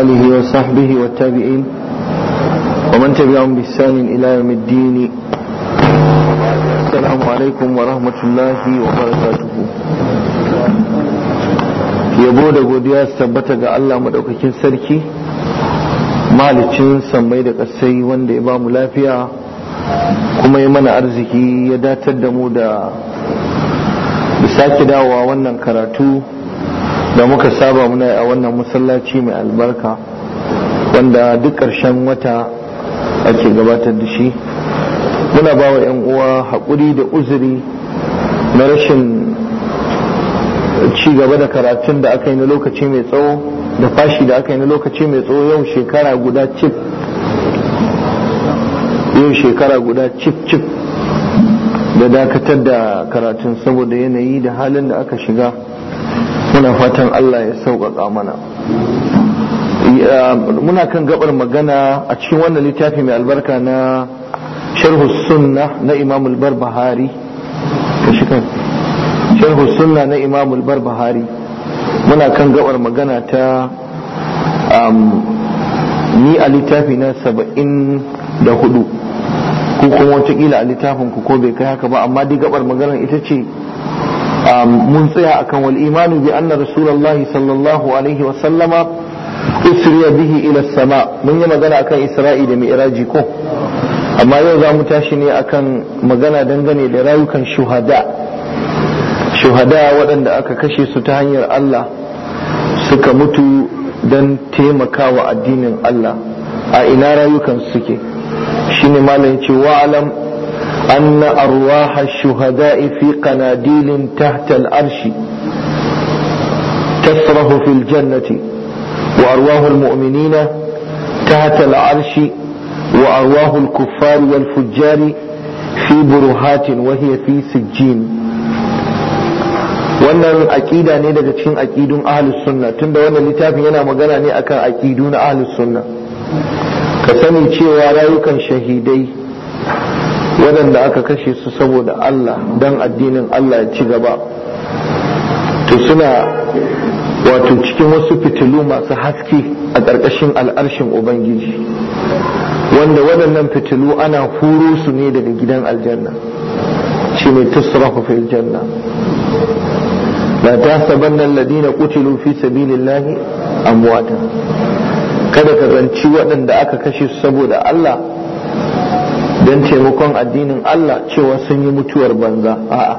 آله وصحبه والتابعين ومن تبعهم بإحسان إلى يوم الدين السلام عليكم ورحمة الله وبركاته yabo da godiya su tabbata ga Allah maɗaukakin sarki malicin sammai da ƙasai wanda ya bamu lafiya kuma ya mana arziki ya datar da mu da sake dawowa wannan karatu da muka saba muna a wannan masallaci mai albarka wanda duk ƙarshen wata ake gabatar da shi muna ba wa 'yan uwa hakuri da uzuri na rashin ci gaba da karatun da aka yi na lokaci mai tsawo da fashi da aka yi na lokaci mai tsawo yau shekara guda cif yau shekara guda cif cif da dakatar da karatun saboda yanayi da halin da aka shiga muna fatan Allah ya sauƙaƙa mana muna kan gabar magana a cikin wannan littafi mai albarka na sharhu sunna na imam shi kan sharhu sunna na imam al bahari muna kan gabar magana ta um, ni a littafi na saba'in da hudu ko kuma watakila a littafin ku ko bai kai haka ba amma dai gabar magana ita ce Um, mun tsaya akan wal imani bi anna rasulullahi sallallahu alaihi wa sallama usriya bihi ila sama mun yi magana akan isra'i da mi'raji ko amma yau za mu tashi ne akan magana dangane da rayukan shuhada shuhada waɗanda aka kashe su ta hanyar Allah suka mutu don taimakawa addinin Allah a ina rayukan suke shine malam ce wa'alam أن أرواح الشهداء في قناديل تحت الأرش تسره في الجنة وأرواح المؤمنين تحت العرش وأرواح الكفار والفجار في برهات وهي في سجين wannan aƙida ne daga cikin aƙidun ahlus sunna tunda wannan littafin yana magana ne akan aƙidu na ahlus sunna ka sani cewa rayukan shahidai waɗanda aka kashe su saboda Allah don addinin Allah ya ci gaba to suna wato cikin wasu fitilu masu haske a ƙarƙashin al'arshin Ubangiji wanda waɗannan fitilu ana huro su ne daga gidan aljanna shi ne tusrafu fil janna la tasabanna alladhina qutilu fi sabilillahi amwata kada ka zanci waɗanda aka kashe su saboda Allah don taimakon addinin Allah cewa sun yi mutuwar banza a'a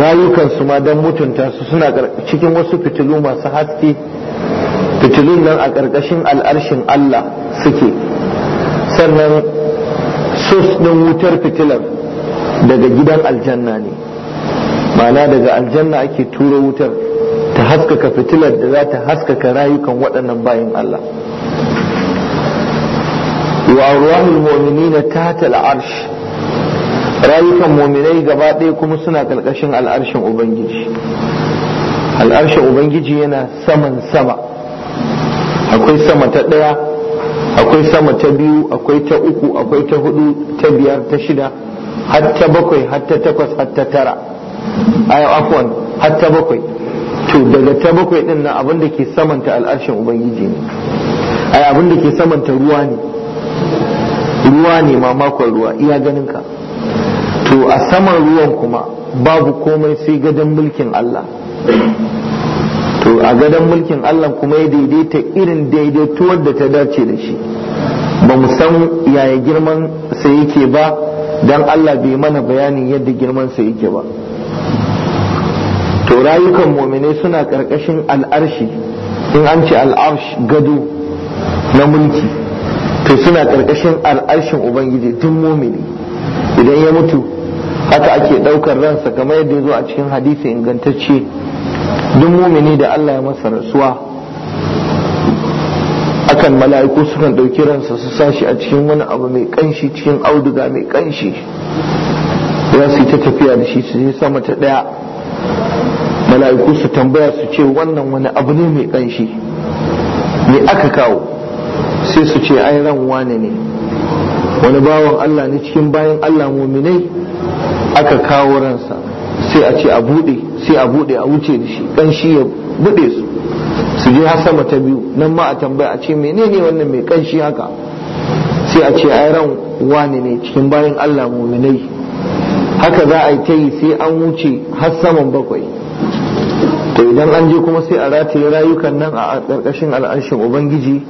rayukansu ma don mutunta su suna cikin wasu fitilu masu haske fitilun nan a ƙarƙashin al'arshin Allah suke sannan sus ɗin wutar fitilar daga gidan aljanna ne mana daga aljanna ake turo wutar ta haskaka fitilar da za ta haskaka rayukan waɗannan bayan Allah wa المؤمنين تحت العرش al'arsh rayukan mu'minai gaba ɗaya kuma suna ƙarƙashin al'arshin ubangiji al'arshin ubangiji yana saman sama akwai sama ta ɗaya akwai sama ta biyu akwai ta uku akwai ta hudu ta biyar ta shida har ta bakwai har ta takwas har ta tara ayo afwan har ta bakwai to daga ta bakwai din nan abinda da ke samanta al'arshin ubangiji ne ay abinda da ke samanta ruwa ne ruwa ne ma makon ruwa iya ganin ka to a saman ruwan kuma babu komai sai gadon mulkin Allah to a gadon mulkin Allah kuma ya daidaita irin daidaituwar da ta dace da shi ba mu san yaya girman sa yake ba don Allah bai mana bayanin yadda girman sa yake ba to rayukan muminai suna ƙarƙashin al'arshi in an ce al'arshi gado na mulki to suna karkashin al'arshin ubangiji tun mumini idan ya mutu haka ake daukar ransa kamar yadda ya zo a cikin hadisi ingantacce duk mumini da Allah ya masa rasuwa akan mala'iku sukan ɗauki ransa su sashi a cikin wani abu mai kanshi cikin auduga mai kanshi ya su ta tafiya da shi su sama ta ɗaya mala'iku su tambaya su ce wannan wani abu ne mai kanshi me aka kawo sai su ce ai ran wane ne wani bawan Allah ne cikin bayan Allah muminai aka kawo ransa sai a ce a buɗe sai a buɗe a wuce da shi ya buɗe su su je har sama ta biyu nan ma a tambaya a ce menene wannan mai ƙanshi haka sai a ce ai ran wane ne cikin bayan Allah muminai haka za a yi ta yi sai an wuce har saman bakwai to idan an je kuma sai a rataye rayukan nan a ƙarƙashin al'ashin ubangiji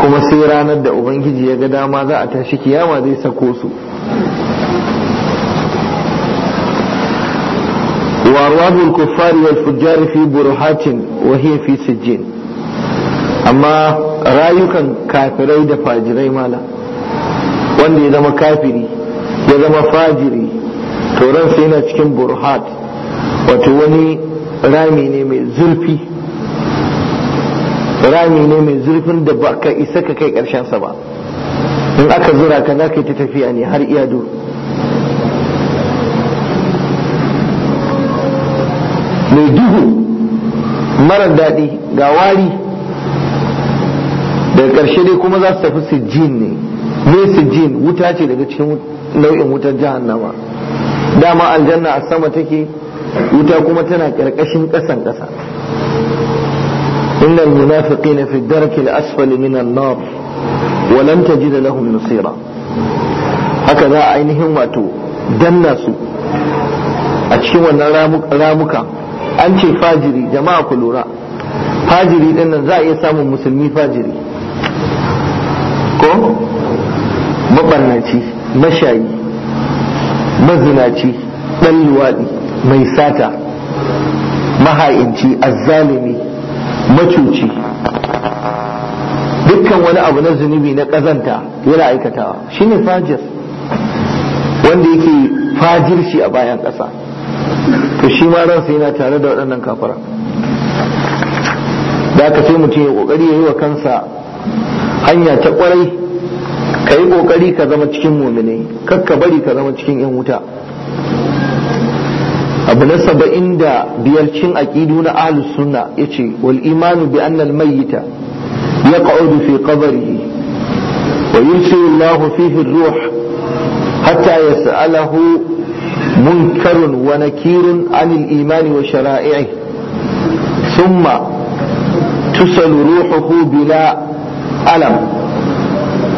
kuma sai ranar da ubangiji ya ga dama za a tashi kiyama zai sako su wal fujjar fi burhatin wa hiya fi سجين amma rayukan kafirai da fajirai mala wanda ya zama kafiri ya zama fajiri to sai yana cikin burhat wato wani rami ne mai zurfi rami ne mai zurfin da ba ka isa ka kai karshen sa ba in aka zura ka za ka yi ta tafiya ne har iyado mai duhu mara daɗi ga wari daga ƙarshe dai kuma za su tafi sijjin ne ne sijjin wuta ce daga cikin nau'in wutar jihar nama. dama aljanna a sama take wuta kuma tana ƙarƙashin ƙasan ƙasa إن المنافقين في الدرك الأسفل من النار ولن تجد لهم نصيرا هكذا عينهم واتوا دنسوا أتشوى رامك أنت فاجري جماعة كل رأ فاجري لأن ذا يسام مسلمي فاجري ko mabarnaci mashayi mazinaci ɗan luwaɗi mai sata maha'inci azzalimi macuci dukkan wani abu na zunubi na kazanta yana aikatawa shine fajir wanda yake fajirci a bayan ƙasa to shi ma ransa yana tare da waɗannan kafara da ka sai mutum ya ƙoƙari ya yi wa kansa hanya ta ƙwarai ka yi ƙoƙari ka zama cikin muminai kakka bari ka zama cikin 'yan wuta abu na saba'in da biyar cin aƙidu na ahlus sunna ya ce wal imanu bi annal mayyita ya ƙa'udu fi qabrihi wa yursilu allahu fihi ruh hatta yas'alahu munkarun wa nakirun anil imani wa shara'i'i thumma tusalu ruhuhu bila alam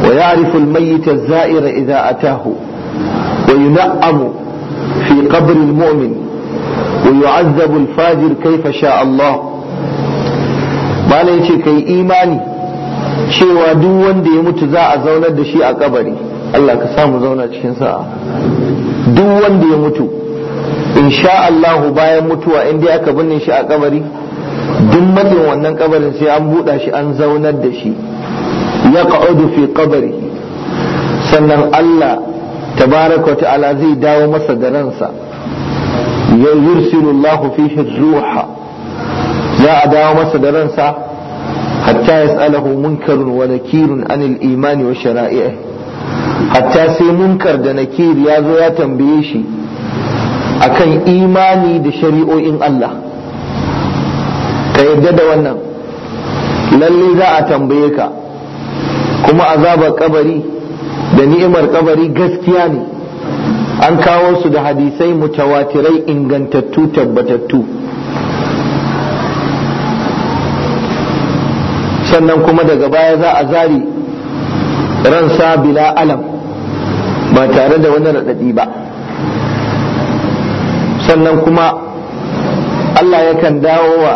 wa ya'rifu al mayyita az-za'ira idha atahu wa yun'amu fi qabri al-mu'min ويعذب الفاجر كيف شاء الله bala ya ce ka yi imani cewa duk wanda ya mutu za a zaunar da shi a kabari Allah ka samu zauna cikin sa'a duk wanda ya mutu insha Allah bayan mutuwa in dai aka binne shi a kabari duk matsin wannan kabarin sai an buɗe shi an zaunar da shi ya ƙa'udu fi kabari sannan Allah tabaraka zai dawo masa da ransa yursilu Allah fi ruha za a dawo masa da ransa hatta yas'alahu munkarun wa nakirun anil imani wa shara'i'i hatta sai munkar da nakir ya zo ya tambaye shi akan imani da shari'o'in Allah ka yarda da wannan lalle za a tambaye ka kuma azabar kabari da ni'imar kabari gaskiya ne an kawo su da hadisai mutawatirai ingantattu tabbatattu sannan kuma daga baya za a zari ransa bila alam ba tare da wani raɗaɗi ba sannan kuma Allah yakan dawo wa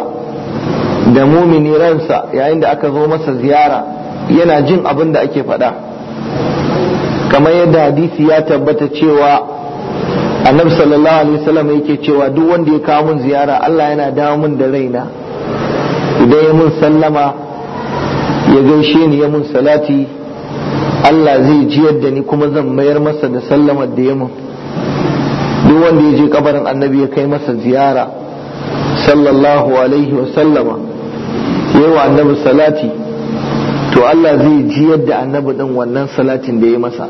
da mumini ransa yayin da aka zo masa ziyara yana jin abin da ake faɗa kamar yadda hadisi ya tabbata cewa annabi sallallahu alaihi wasallam yake cewa duk wanda ya kawo mun ziyara Allah yana dawo mun da raina idan ya mun sallama ya gaishe ni ya mun salati Allah zai jiyar da ni kuma zan mayar masa da sallamar da ya mun duk wanda ya je kabarin annabi ya kai masa ziyara sallallahu alaihi wasallama yawa annabi salati to Allah zai jiyar da annabi din wannan salatin da ya masa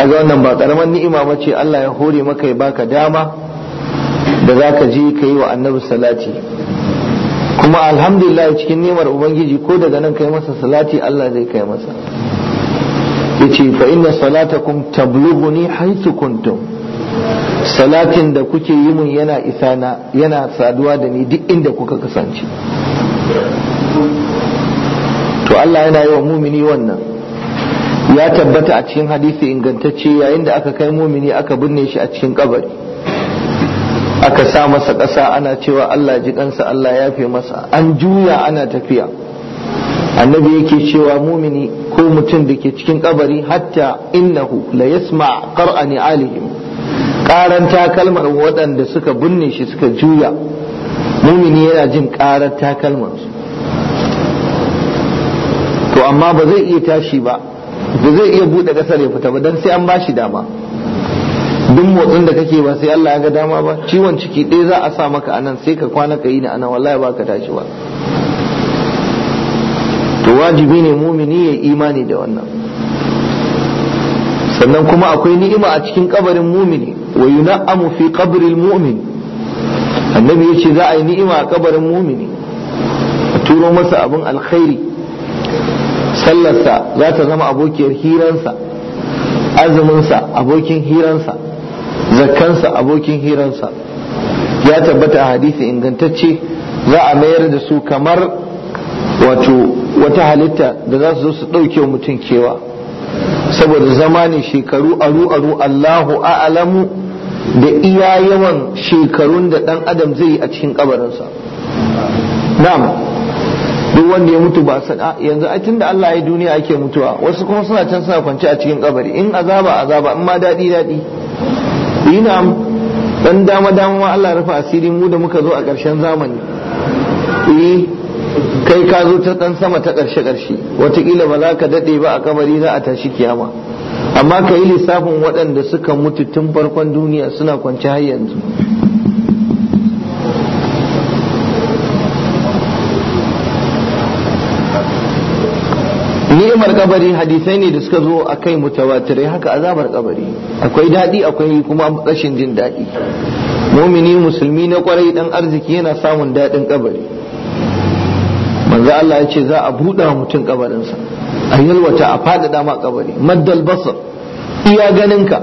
kaga wannan ba karaman ni'ima ba ce Allah ya hore maka ya baka dama da za ka je ka yi wa annabi salati kuma alhamdulillah cikin nemar ubangiji ko daga nan kai masa salati Allah zai kai masa yace fa inna salatakum tablughuni haythu kuntum salatin da kuke yi mun yana isana yana saduwa da ni duk inda kuka kasance to Allah yana yi wa mumini wannan ya tabbata a cikin hadisi ingantacce yayin da aka kai mumini aka binne shi a cikin kabari aka sa masa ƙasa ana cewa Allah ji kansa Allah ya fi masa an juya ana tafiya annabi yake cewa mumini ko mutum da ke cikin kabari hatta innahu la yasma qar'ani alihim karan takalmar waɗanda suka binne shi suka juya mumini yana jin karar takalmar to amma ba zai iya tashi ba ba zai iya bude kasar ya fita ba dan sai an ba shi dama duk motsin da kake ba sai Allah ya ga dama ba ciwon ciki ɗaya za a sa maka anan sai ka kwana ka yi na anan wallahi ba ka tashi ba to wajibi ne mumini ya imani da wannan sannan kuma akwai ni'ima a cikin kabarin mumini wa yuna'amu fi qabril mu'min annabi yace za a yi ni'ima a kabarin mumini a turo masa abin alkhairi sallarsa za ta zama abokiyar hiransa azuminsa abokin hiransa zakkansa abokin hiransa ya tabbata a hadisi ingantacce za a mayar da su kamar wato wata halitta da za su zo su ɗauke mutum kewa saboda zama ne shekaru aru aru Allahu a'lamu da iya yawan shekarun da ɗan adam zai yi a cikin kabarinsa na'am duk wanda ya mutu ba san yanzu tun da Allah ya duniya ake mutuwa wasu kuma suna can suna kwance a cikin kabari in azaba azaba in ma dadi dadi ina dan dama dama Allah rufa asiri mu da muka zo a ƙarshen zamani eh kai ka zo ta dan sama ta ƙarshe ƙarshe wataƙila ba za ka daɗe ba a kabari za a tashi kiyama amma ka yi lissafin waɗanda suka mutu tun farkon duniya suna kwance har yanzu ni'imar kabari hadisai ne da suka zo a kai mutawatirai haka azabar kabari akwai daɗi akwai kuma rashin jin daɗi mumini musulmi na kwarai dan arziki yana samun daɗin kabari manzo Allah ya ce za a buɗa mutum kabarinsa a yalwata a faɗaɗa ma kabari maddal basar iya ganinka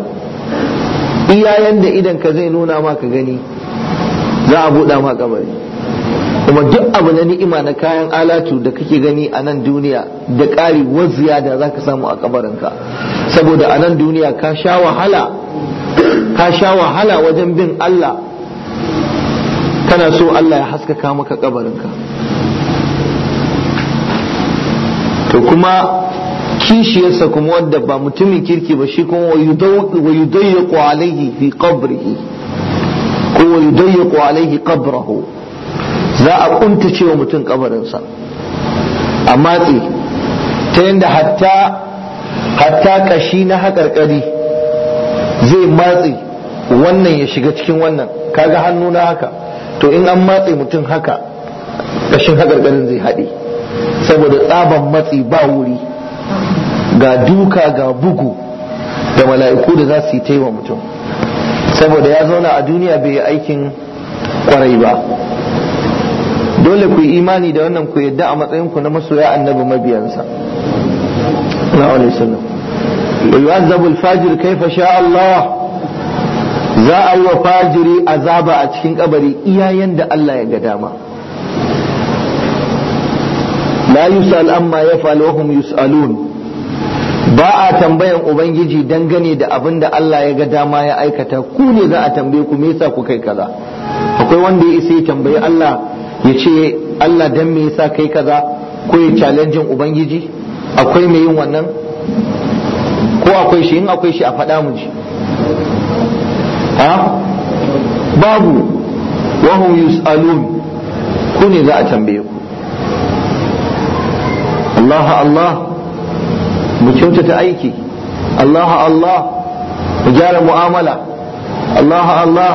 iya yanda idan ka zai nuna ma gani za a buɗa ma kabari kuma duk abu na ni'ima na kayan alatu da kake gani a nan duniya da ƙari waziya da za ka samu a kabarinka saboda a nan duniya ka sha wahala ka sha wahala wajen bin Allah kana so Allah ya haskaka maka kabarinka to kuma kishiyarsa kuma wadda ba mutumin kirki ba shi kuma wa yudayyiqu alaihi fi qabrihi ko wa alaihi qabrahu za a kunta cewa mutum kabarinsa a matse ta yadda hatta kashi na haƙarƙari zai matse wannan ya shiga cikin wannan kaga hannu na haka to in an matse mutum haka kashin haƙarƙarin zai haɗe saboda tsaban matsi ba wuri ga duka ga bugu da mala'iku da za su yi taiwa mutum saboda ya zauna a duniya bai yi aikin kwarai ba dole ku yi imani da wannan ku yadda a matsayin ku na masoya annabi mabiyansa sallallahu wa yu'azzabu al-fajir kai sha Allah za a yi wa fajiri azaba a cikin kabari iyayen da Allah ya ga dama la yusal amma yaf'al wa hum yus'alun ba a tambayan ubangiji dangane da abin da Allah ya ga dama ya aikata ku ne za a tambaye ku me yasa ku kai kaza akwai wanda ya isa ya tambayi Allah ya ce Allah don me yasa kai kaza ko ya challenge ubangiji akwai mai yin wannan ko akwai shi in akwai shi a faɗa mu ji ha babu wa hum yus'alun ku ne za a tambaye ku Allah Allah mu kyautata aiki Allah Allah mu gyara mu'amala Allah Allah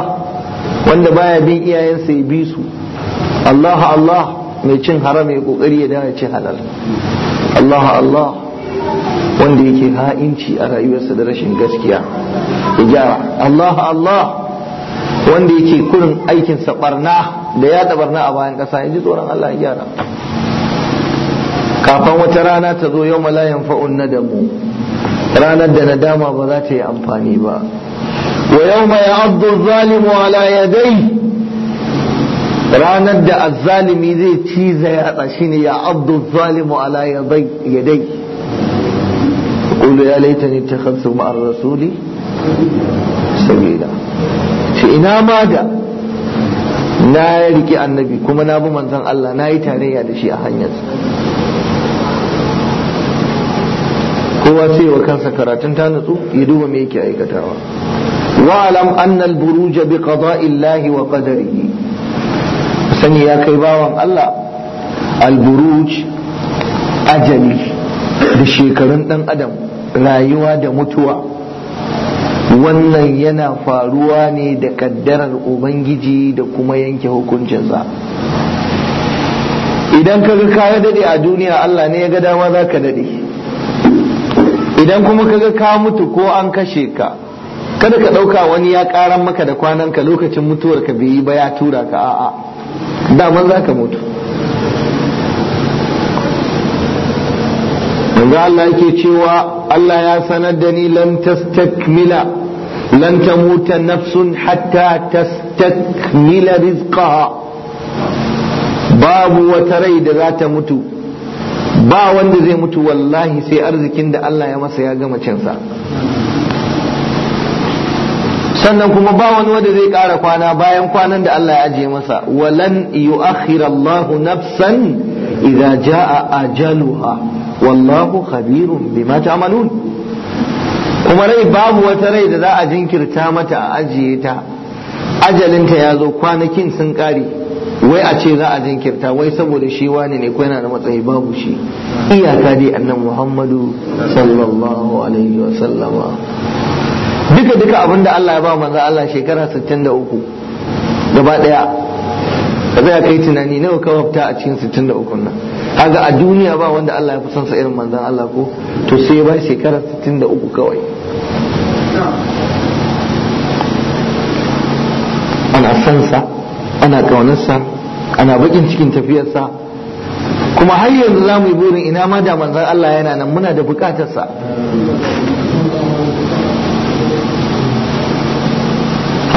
wanda baya bin iyayensa ya bi su Allah Allah mai cin haram ya kokari ya dawo ya ci halal Allah Allah wanda yake ha'inci a rayuwarsa da rashin gaskiya ya gyara Allah Allah wanda yake kurin aikinsa barna da ya barna a bayan ƙasa ya ji tsoron Allah ya gyara kafin wata rana ta zo yau malayan fa'un nadamu ranar da nadama ba za ta yi amfani ba wa yau mai abdul zalimu ala yadai ranar da azzalimi zai ciza yatsa shine ya abdu zalimu ala yadai qulu ya laitani takhassu ma'ar rasuli sabila shi ina ma da na riƙe annabi kuma na bi manzon Allah na yi tarayya da shi a hanyarsa kowa sai wa kansa karatun ta nutsu ya duba me yake aikatawa wa'lam anna al-buruj bi qada'i wa qadarihi sani ya kai bawan Allah alburuj ajali da shekarun ɗan adam rayuwa da mutuwa wannan yana faruwa ne da kaddarar ubangiji da kuma yanke hukuncin za. idan ka ga ka daɗe a duniya Allah ne ya ga dama za ka daɗe idan kuma ka ga ka mutu ko an kashe ka kada ka ɗauka wani ya ƙaran maka da ka lokacin mutuwarka bai yi ba ya tura ka a'a daman za ka mutu yanzu Allah yake cewa Allah ya sanar da ni lan tastakmila lan tamuta nafsun hatta tastakmila rizqaha babu wata rai da za ta mutu ba wanda zai mutu wallahi sai arzikin da Allah ya masa ya gama cinsa sannan kuma ba wani wanda zai ƙara kwana bayan kwanan da Allah ya ajiye masa walan yu'akhir Allah nafsan idza jaa ajaluha wallahu khabirun bima ta'malun kuma rai babu wata rai da za a jinkirta mata a ajiye ta ajalinta ya zo kwanakin sun ƙare wai a ce za a jinkirta wai saboda shi wani ne ko yana da matsayi babu shi iyaka dai annan muhammadu sallallahu alaihi wa sallama duka duka abinda Allah ya ba manzo Allah shekara 63 gaba daya zai kai tunani nawa ka wafta a cikin 63 nan kaga a duniya ba wanda Allah ya fi sa irin manzan Allah ko to sai ya ba shekara 63 kawai ana son sa ana kaunarsa ana bakin cikin tafiyarsa kuma har yanzu za mu yi burin ina ma da manzon Allah yana nan muna da bukatarsa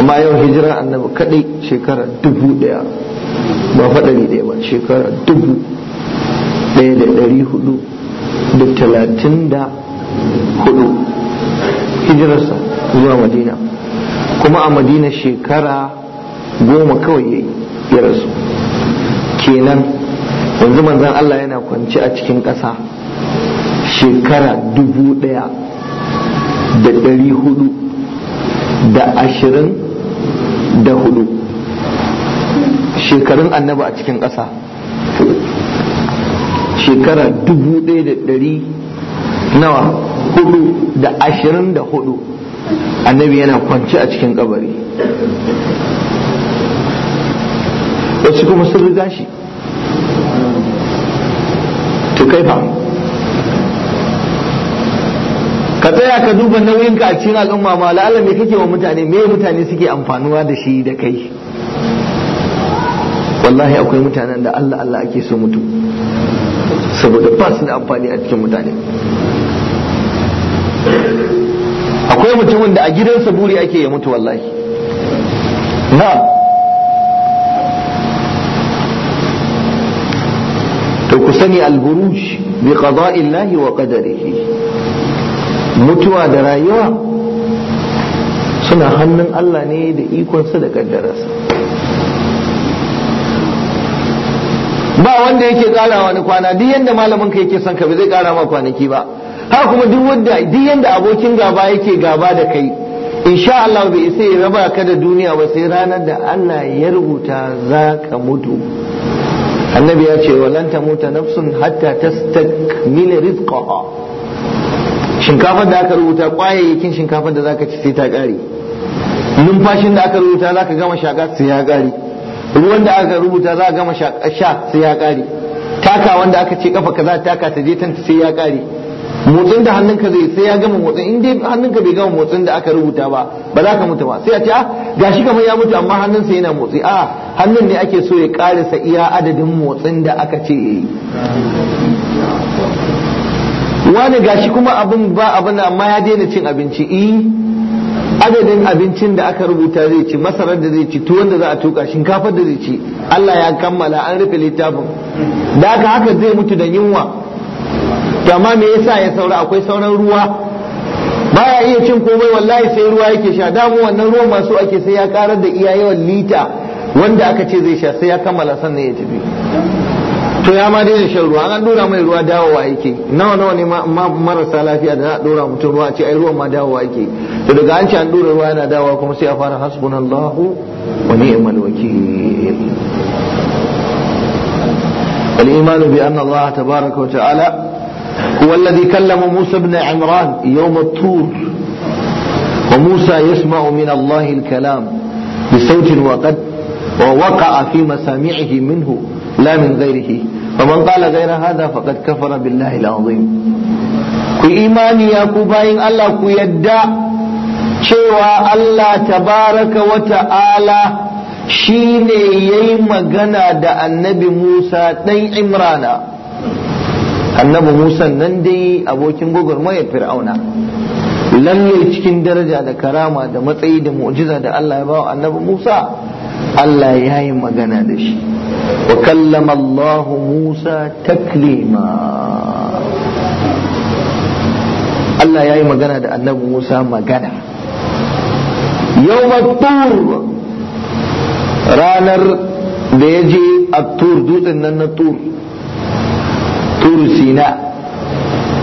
amma yau hijira annabi kadai shekara dubu daya ba faɗari daya ba shekara dubu daya da dari hudu da talatin da hudu hijirarsa zuwa madina kuma a madina shekara goma kawai ya rasu kenan yanzu manzan Allah yana kwanci a cikin ƙasa shekara dubu ɗaya da ɗari hudu da ashirin da hudu shekarun annabi a cikin ƙasa shekara dubu ɗaya da ɗari nawa hudu da ashirin da hudu annabi yana kwanci a cikin kabari wasu kuma sun riga shi to kai fa ka tsaya ka duba nauyinka a cikin al'umma ma la'ala me kake wa mutane me mutane suke amfanuwa da shi da kai wallahi akwai mutanen da Allah Allah ake so mutu saboda ba su da amfani a cikin mutane akwai mutumin da a gidansa buri ake ya mutu wallahi na to ku sani alburuj bi qada'illahi wa qadarihi mutuwa da rayuwa suna hannun Allah ne da ikonsa da kaddararsa ba wanda yake kara wani kwana duk yanda malamin ka yake son ka bai zai kara ma kwanaki ba har kuma duk wanda duk yanda abokin gaba yake gaba da kai insha Allah bai sai ya raba ka da duniya ba sai ranar da Allah ya rubuta za ka mutu annabi ya ce walanta mota nafsun hatta ta tastakmila rizqaha shinkafar da aka rubuta kwayayyakin shinkafar da zaka ci sai ta kare numfashin da aka rubuta zaka gama shaka sai ya kare ruwan da aka rubuta za gama sha sai ya kare taka wanda aka ce kafa kaza taka ta je tanta sai ya kare motsin da hannunka zai sai ya gama motsin in dai hannunka bai gama motsin da aka rubuta ba ba za ka mutu ba sai a ce ah gashi kamar ya mutu amma hannunsa yana motsi a ah, hannun ne ake so ya karisa iya adadin motsin da aka ce wani gashi kuma abin ba abin amma ya daina cin abinci eh adadin abincin da aka rubuta zai ci masarar da zai ci tuwon da za a tuka shinkafar da zai ci Allah ya kammala an rufe littafin da aka haka zai mutu da yunwa to amma me yasa ya saura akwai sauran ruwa baya iya cin komai wallahi sai ruwa yake sha damu wannan ruwan masu ake sai ya karar da iya yawan lita wanda aka ce zai sha sai ya kammala sannan ya tafi to ya ma daina shan ruwa an dora mai ruwa dawowa yake nawa nawa ne marasa lafiya da za a dora mutum ruwa ce ai ruwan ma dawowa yake to daga an ce an dora ruwa yana dawowa kuma sai a fara hasbunallahu wa ni'mal wakil الإيمان بأن الله تبارك وتعالى هو الذي كلم موسى بن عمران يوم الطور وموسى يسمع من الله الكلام بصوت وقد ووقع في مسامعه منه la min ghairihi faman qala ghaira hadha faqad kafara billahi alazim ku imani ya ku bayin Allah ku yadda cewa Allah tabaraka wa ta'ala shine yayi magana da annabi Musa ɗan Imrana annabi Musa nan dai abokin gwagwarmayar fir'auna lalle cikin daraja da karama da matsayi da mu'jiza da Allah ya bawa annabi Musa Allah ya yi magana da shi wa kallama Musa taklima Allah ya yi magana da annabi Musa magana yau tur ranar da ya je a tur dutsen nan na tur tur sina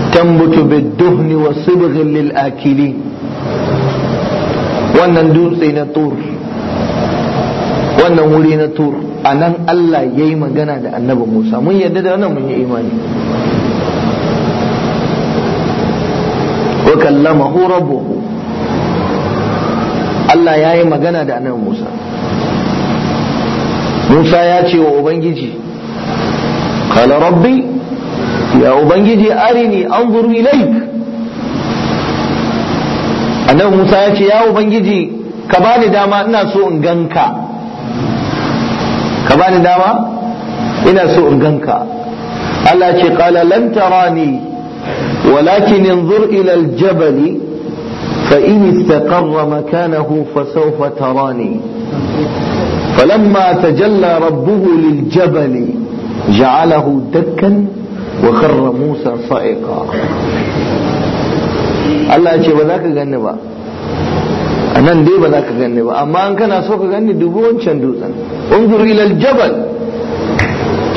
tambutu bidduhni wa sibghin lil akili wannan dutse na tur wannan wuri na tur a nan Allah ya yi magana da annabi Musa mun yadda da wannan mun yi imani wa kallamahu rabbuhu Allah ya yi magana da annabi Musa Musa ya ce wa Ubangiji kala rabbi ya Ubangiji arini anzur ilaik annabi Musa ya ce ya Ubangiji ka bani dama ina so in ganka ka bani dama ina so in ganka Allah ce qala lan انظر إلى الجبل فإن استقر مكانه فسوف تراني فلما تجلى ربه للجبل جعله دكا وخر موسى صائقا الله يقول ba za a nan dai ba za ka ganni ba amma an kana so ka ganni dubu wancan dutsen unzur ilal jabal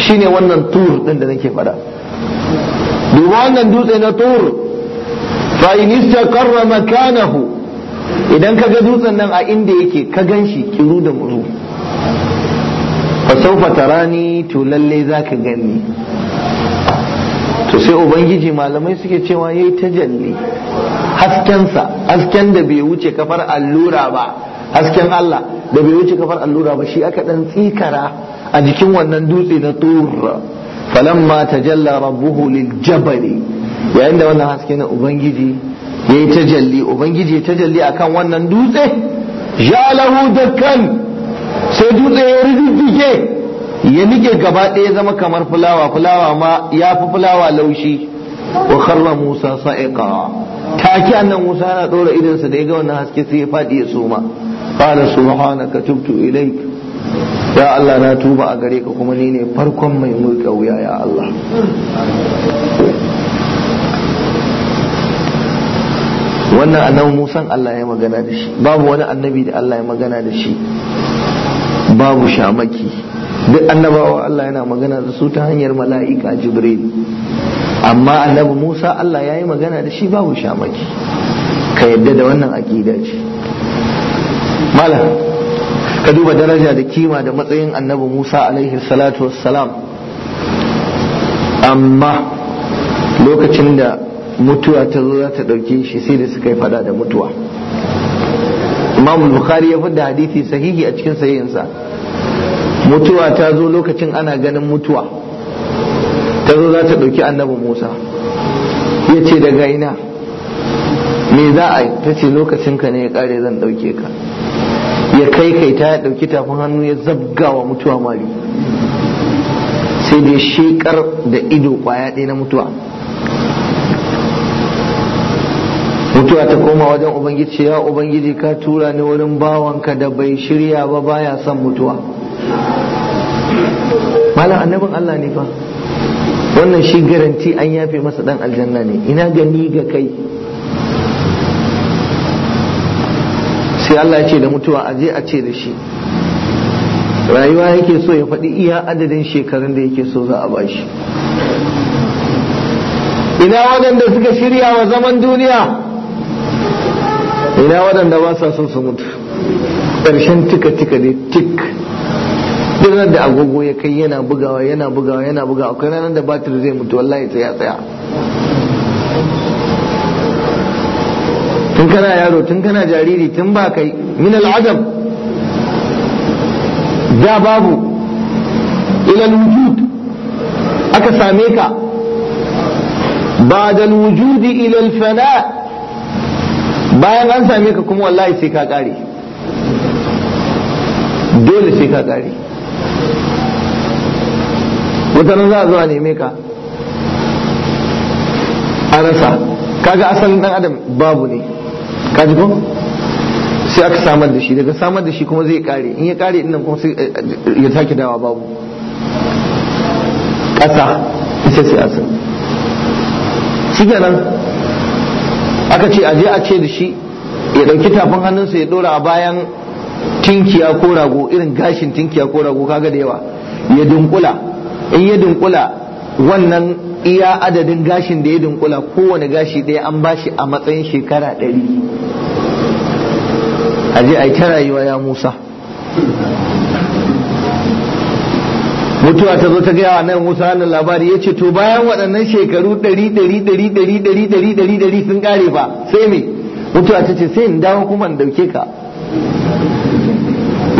shine wannan tur din da nake fada dubu wannan dutse na tur fa in istaqarra makanahu idan ka ga dutsen nan a inda yake ka gan shi kiru da muru fa sawfa tarani to lalle za ka ganni to sai ubangiji malamai suke cewa yayi tajalli haskensa hasken da bai wuce kafar allura ba hasken Allah da bai wuce kafar allura ba shi aka dan tsikara a jikin wannan dutse na tur falamma tajalla rabbuhu lil jabali yayin da wannan haske na ubangiji yayi tajalli ubangiji tajalli akan wannan dutse jalahu dakkan sai dutse ya riddige ya nike gaba ɗaya zama kamar fulawa fulawa ma ya fi fulawa laushi wa kharra musa sa'iqa take annan Musa yana dora sa da ya ga wannan haske sai ya fadi ya soma qala subhanaka tubtu ilaik ya Allah na tuba a gare ka kuma ni ne farkon mai mulka wuya ya Allah wannan annabi Musa Allah ya magana da shi babu wani annabi da Allah ya magana da shi babu shamaki duk annabawa Allah yana magana da su ta hanyar mala'ika jibril amma annabi Musa Allah ya yi magana da shi babu shamaki ka yadda da wannan aƙida ce mala ka duba daraja da kima da matsayin annabi Musa alaihi salatu wassalam amma lokacin da mutuwa ta zo za ta ɗauke shi sai da suka yi fada da mutuwa imam bukhari ya da hadisi sahihi a cikin sahihinsa mutuwa ta zo lokacin ana ganin mutuwa ta zo za ta ɗauki annabi musa ya ce daga ina me za a yi ta ce lokacinka ne ya ƙare zan ɗauke ka ya kai kai ta ya ɗauki tafin hannu ya zabga wa mutuwa mari sai dai shekar da ido ƙwaya ɗaya na mutuwa mutuwa ta koma wajen ubangiji ya ubangiji ka tura ni wurin bawanka da bai shirya ba baya son mutuwa malam annabin Allah ne fa wannan shi garanti an yafe masa dan aljanna ne ina gani ga kai sai Allah ya ce da mutuwa a je a ce da shi rayuwa yake so ya faɗi iya adadin shekarun da yake so za a bashi ina waɗanda suka shirya wa zaman duniya ina waɗanda ba sa son su mutu ƙarshen tika tika ne tik duk ranar da agogo ya kai yana bugawa yana bugawa yana bugawa akwai ranar da batir zai mutu wallahi tsaya tsaya tun kana yaro tun kana jariri tun ba kai min al'adam da babu ilal wujud aka same ka ba da wujudi ilal fana bayan an same ka kuma wallahi sai ka kare dole sai ka kare wata nan za a zo a neme ka a rasa kaga asalin dan adam babu ne kaji ko sai aka samar da shi daga samar da shi kuma zai kare in ya kare din nan kuma sai eh, ya sake dawa babu ƙasa ita sai asali shi nan aka ce aje a ce da shi ya ɗauki tafin hannunsa ya ɗora a bayan tinkiya ko rago irin gashin tinkiya ko rago kaga da yawa ya dunkula in ya dunkula wannan iya adadin gashin da ya dunkula kowane gashi ɗaya an bashi a matsayin shekara ɗari je a ta rayuwa ya musa mutuwa ta zo ta gaya wa nan musa wannan labari ya ce to bayan waɗannan shekaru ɗari ɗari ɗari ɗari ɗari ɗari ɗari ɗari sun ƙare ba sai me mutuwa ta ce sai in dawo kuma in ɗauke ka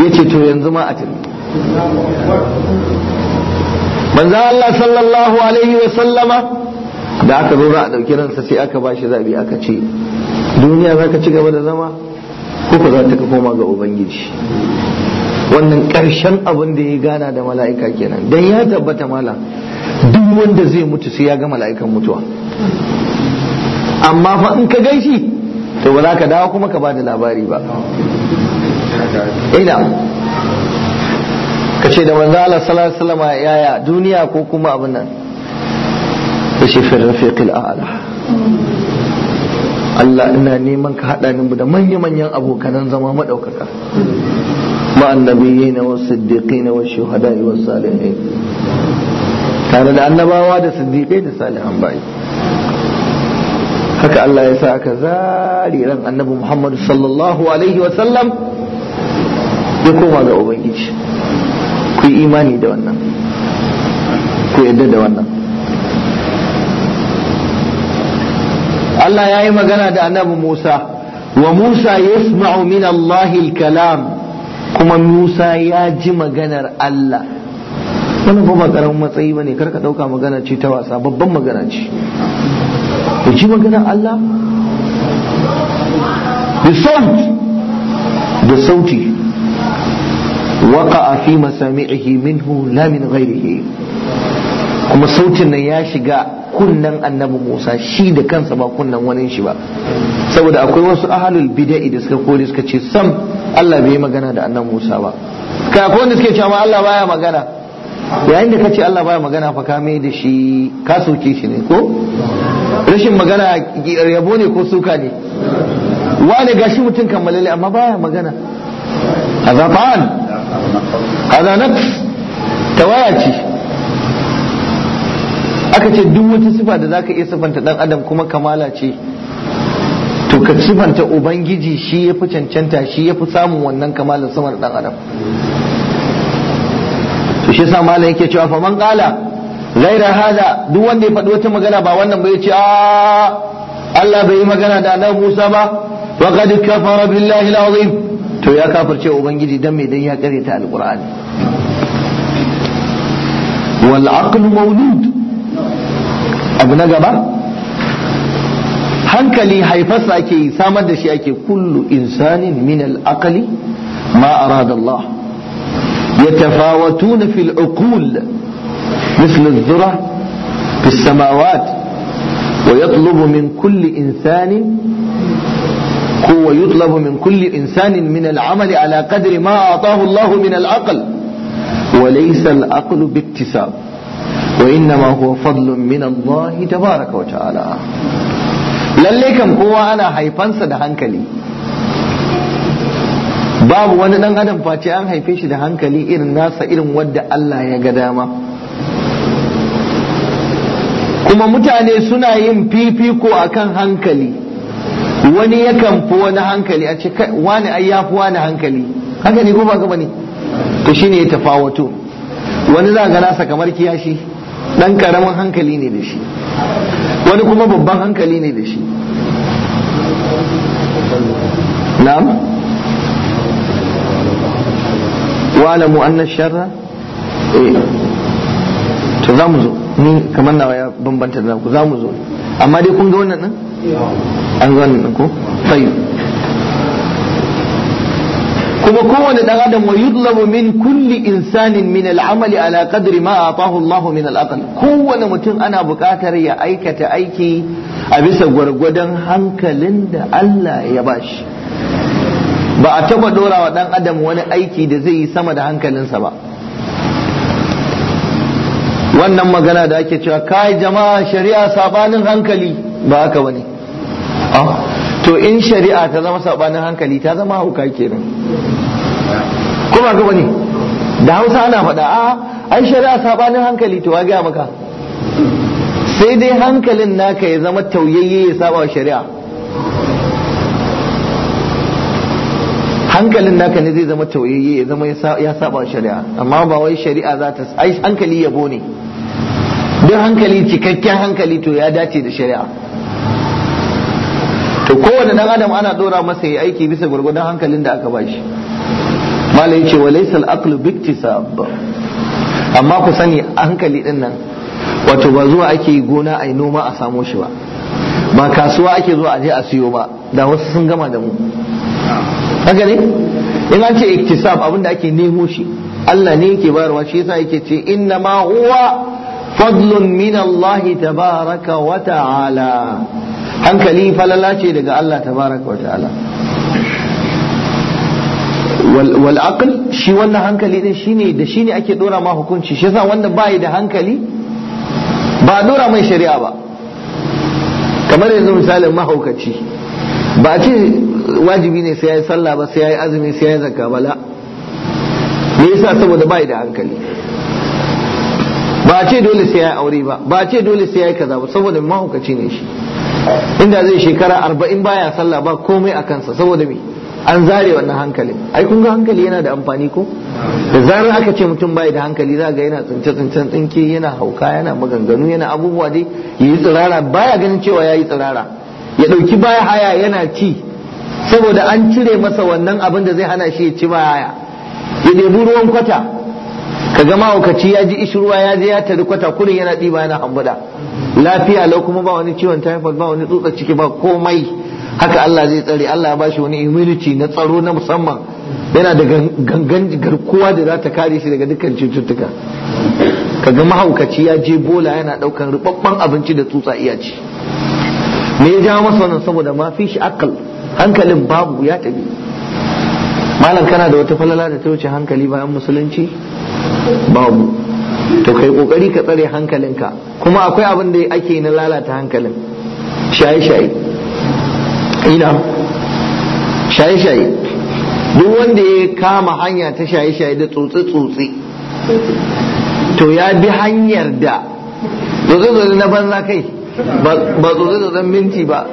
ya ce to yanzu ma a tafi manzo Allah sallallahu alaihi wa sallama da aka zo za a dauki ransa sai aka bashi zabi aka ce duniya za ka ci gaba da zama ko ka za ta koma ga ubangiji wannan karshen abin da ya gana da mala'ika kenan dan ya tabbata mala duk wanda zai mutu sai ya ga mala'ikan mutuwa amma fa in ka gaishe to ba za ka dawo kuma ka ba da labari ba ina ka ce da manzo Allah sallallahu alaihi wasallam yaya duniya ko kuma abin nan yace fi rafiqil a'la Allah ina neman ka hada ni da manya-manyan abokanan zama madaukaka ma annabiyina was siddiqina was shuhada'i was salihin tare da annabawa da siddiqai da salihan bai haka Allah ya sa aka zariran ran annabi Muhammad sallallahu alaihi wa sallam ya koma ga ubangiji ku imani da wannan ku yadda da wannan Allah ya yi magana da annabi Musa wa Musa ya yasma'u min Allahil kalam kuma Musa ya ji maganar Allah wani ba karamin matsayi ba kar ka ɗauka magana ce ta wasa babban magana ce ya ji maganar Allah da sauti waqa'a fi masami'ihi minhu la min ghairihi kuma sautin nan ya shiga kunnan annabi Musa shi da kansa ba kunnan wani shi ba saboda akwai wasu ahalul bida'i da suka kore suka ce sam Allah bai magana da annabi Musa ba kai akwai wanda suke cewa Allah baya magana yayin da kace Allah baya magana fa ka mai da shi ka soke shi ne ko rashin magana yabo ne ko suka ne wani gashi mutum kammalalle amma baya magana هذا fa'an هذا naqs تواتي ce duk wata sifa da zaka iya sifanta dan adam kuma kamala ce to ka sifanta ubangiji shi ya fi cancanta shi ya fi samun wannan kamalar sama da dan adam to shi yasa malam yake cewa fa man qala ghaira hada duk wanda ya faɗi wata magana ba wannan bai ce a Allah bai yi magana da Annabi Musa ba wa qad kafara billahi al-azim to ya kafirce ubangiji dan me dan ya kare ta alqur'ani wal aql mawlud abu na gaba hankali haifarsa ake samar da shi ake kullu insanin min al aqli ma arada Allah yatafawatun fi al uqul مثل الذرة في السماوات ويطلب من كل إنسان هو يطلب من كل إنسان من العمل على قدر ما أعطاه الله من العقل وليس العقل باكتساب وإنما هو فضل من الله تبارك وتعالى lalle kam kowa ana haifansa da hankali babu wani dan adam face an haife shi da hankali irin nasa irin wadda Allah ya ga dama kuma mutane suna yin fifiko akan hankali wani yakan fi wani hankali a ce wani ai ya fi wani hankali haka ne ko ba ka bane to shine ya tafawato wani za ga nasa kamar kiyashi dan karamin hankali ne da shi wani kuma babban hankali ne da shi na'am wa'lamu anna sharra eh to za mu zo ni kamar nawa ya bambanta da ku za mu zo amma dai kun ga wannan din kuma kowane dan adam wa yudlamu min kulli insanin min al'amali ala qadri ma atahu Allah min al'aql kowane mutum ana buƙatar ya aikata aiki a bisa gwargwadon hankalin da Allah ya bashi ba a taba ɗora wa dan adam wani aiki da zai yi sama da hankalinsa ba wannan magana da ake cewa kai jama'a shari'a sabanin hankali ba haka bane ah, to in shari'a ta zama sabanin hankali ta zama hauka kenan kuma ga bane da Hausa ana faɗa a ai shari'a sabanin hankali to ga maka sai dai hankalin naka ya zama tauyayye ya saba shari'a hankalin naka ne zai zama tauyayye ya zama ya saba shari'a amma ba wai shari'a za ta ai hankali yabo ne duk hankali cikakken hankali to ya dace da shari'a to kowane dan adam ana dora masa yayi aiki bisa gurgurdan hankalin da aka bashi malai yace wa laysal aqlu biktisab amma ku sani hankali din nan wato ba zuwa ake gona ai noma a samo shi ba ba kasuwa ake zuwa aje a siyo ba da wasu sun gama da mu haka ne in an ce iktisab abinda ake nemo shi Allah ne yake bayarwa shi yasa yake ce inna ma huwa fadlun minallahi Allah tabaraka wa ta'ala hankali falala ce daga Allah tabaraka wa ta'ala wal aql shi wannan hankali din shine da ake dora ma hukunci shi yasa wanda bai da hankali ba a dora mai shari'a ba kamar yanzu misalin mahaukaci ba a ce wajibi ne sai ya yi sallah ba sai ya yi azumi sai ya yi zakka ba la me yasa saboda bai da hankali ba a ce dole sai ya aure ba ba a ce dole sai ya yi kaza ba saboda mahaukaci ne shi inda zai shekara arba'in baya sallah ba komai a kansa saboda me an zare wannan hankali ai kun ga hankali yana da amfani ko da zarar aka ce mutum bai da hankali za ga yana tsince tsince tsinke yana hauka yana maganganu yana abubuwa dai yayi tsirara baya ganin cewa yayi tsirara ya dauki baya haya yana ci saboda an cire masa wannan abin da zai hana shi ya ci baya ya debi ruwan kwata ka ga mahaukaci ya ji ishirwa ya je ya tari kwata kurin yana ɗiba yana hambuda lafiya lau kuma ba wani ciwon typhoid ba wani tsutsa ciki ba komai haka Allah zai tsare Allah ya shi wani immunity na tsaro na musamman yana da gangan garkuwa da za ta kare shi daga dukkan cututtuka kaga mahaukaci ya je bola yana daukan rubabban abinci da tsutsa iya ci me ya jawo masa wannan saboda ma fi shi akal hankalin babu ya tabi malam kana da wata falala da ta wuce hankali bayan musulunci babu to kai kokari ka tsare hankalinka kuma akwai abin da ake na lalata hankalin shaye-shaye ina shaye-shaye duk wanda ya kama hanya ta shaye-shaye da tsotsi-tsotsi to ya bi hanyar da tsotsi tsotse na banza kai ba tsotsi-tsotsi minti ba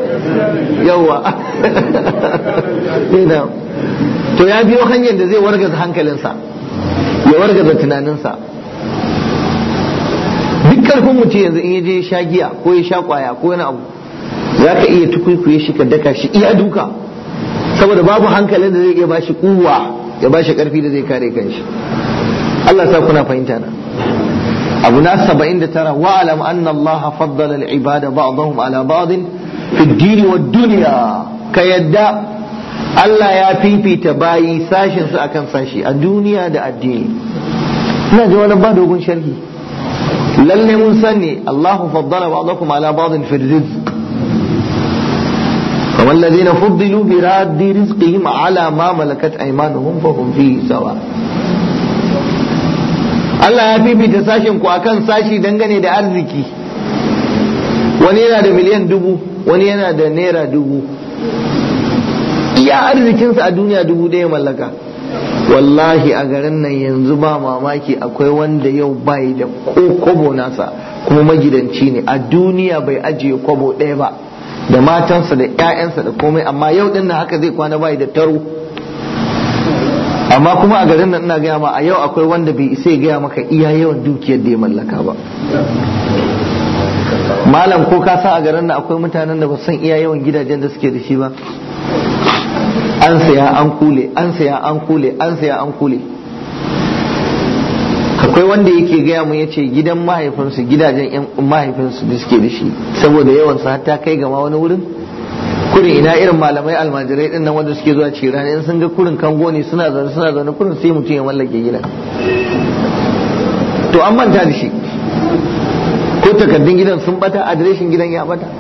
yawa to ya biyo hanyar da zai wargaza hankalinsa ya wargaza tunaninsa duk karfin mutum yanzu in ya je sha giya ko ya sha kwaya ko wani abu za ka iya tukuikuye shi ka daka shi iya duka saboda babu hankalin da zai iya bashi kuwa ya bashi karfi da zai kare kanshi Allah sa kuna fahimta na abu na saba'in wa alam anna Allah faddala al-ibada ba'dahum ala ba'd fi ad-din wad-dunya ka yadda Allah ya fifita bayi sashin su akan sashi a duniya da addini ina ji wani ba dogon sharhi lalle mun sani Allahu faddala ba'dakum ala ba'din fi rizq والذين فضلوا براد رزقهم على ما ملكت ايمانهم فهم فيه سواء Allah ya fifita sashen ku akan sashi dangane da arziki wani yana da miliyan dubu wani yana da naira dubu iya arzikinsa a duniya dubu ɗaya mallaka wallahi a garin nan yanzu ba mamaki akwai wanda yau bai da ko nasa kuma magidanci ne a duniya bai ajiye kwabo daya ba da matansa da ƴaƴansa da komai amma yau ɗin nan haka zai kwana bai da taro amma kuma a garin nan ina gaya ma a yau akwai wanda bai isa ya gaya maka iya yawan dukiyar da ya mallaka ba malam ko ka sa a garin nan akwai mutanen da ba san iya yawan gidajen da suke da shi ba an saya an kule an saya an kule an saya an kule akwai wanda yake gaya mu yace gidan mahaifinsu gidajen yan mahaifinsu da suke da shi saboda yawan sa ta kai gama wani wurin kurin ina irin malamai almajirai din nan wanda suke zuwa rana in sun ga kurin kango ne suna zaune suna zaune kurin sai mutum ya mallake gidan to an manta da shi ko takardun gidan sun bata adireshin gidan ya bata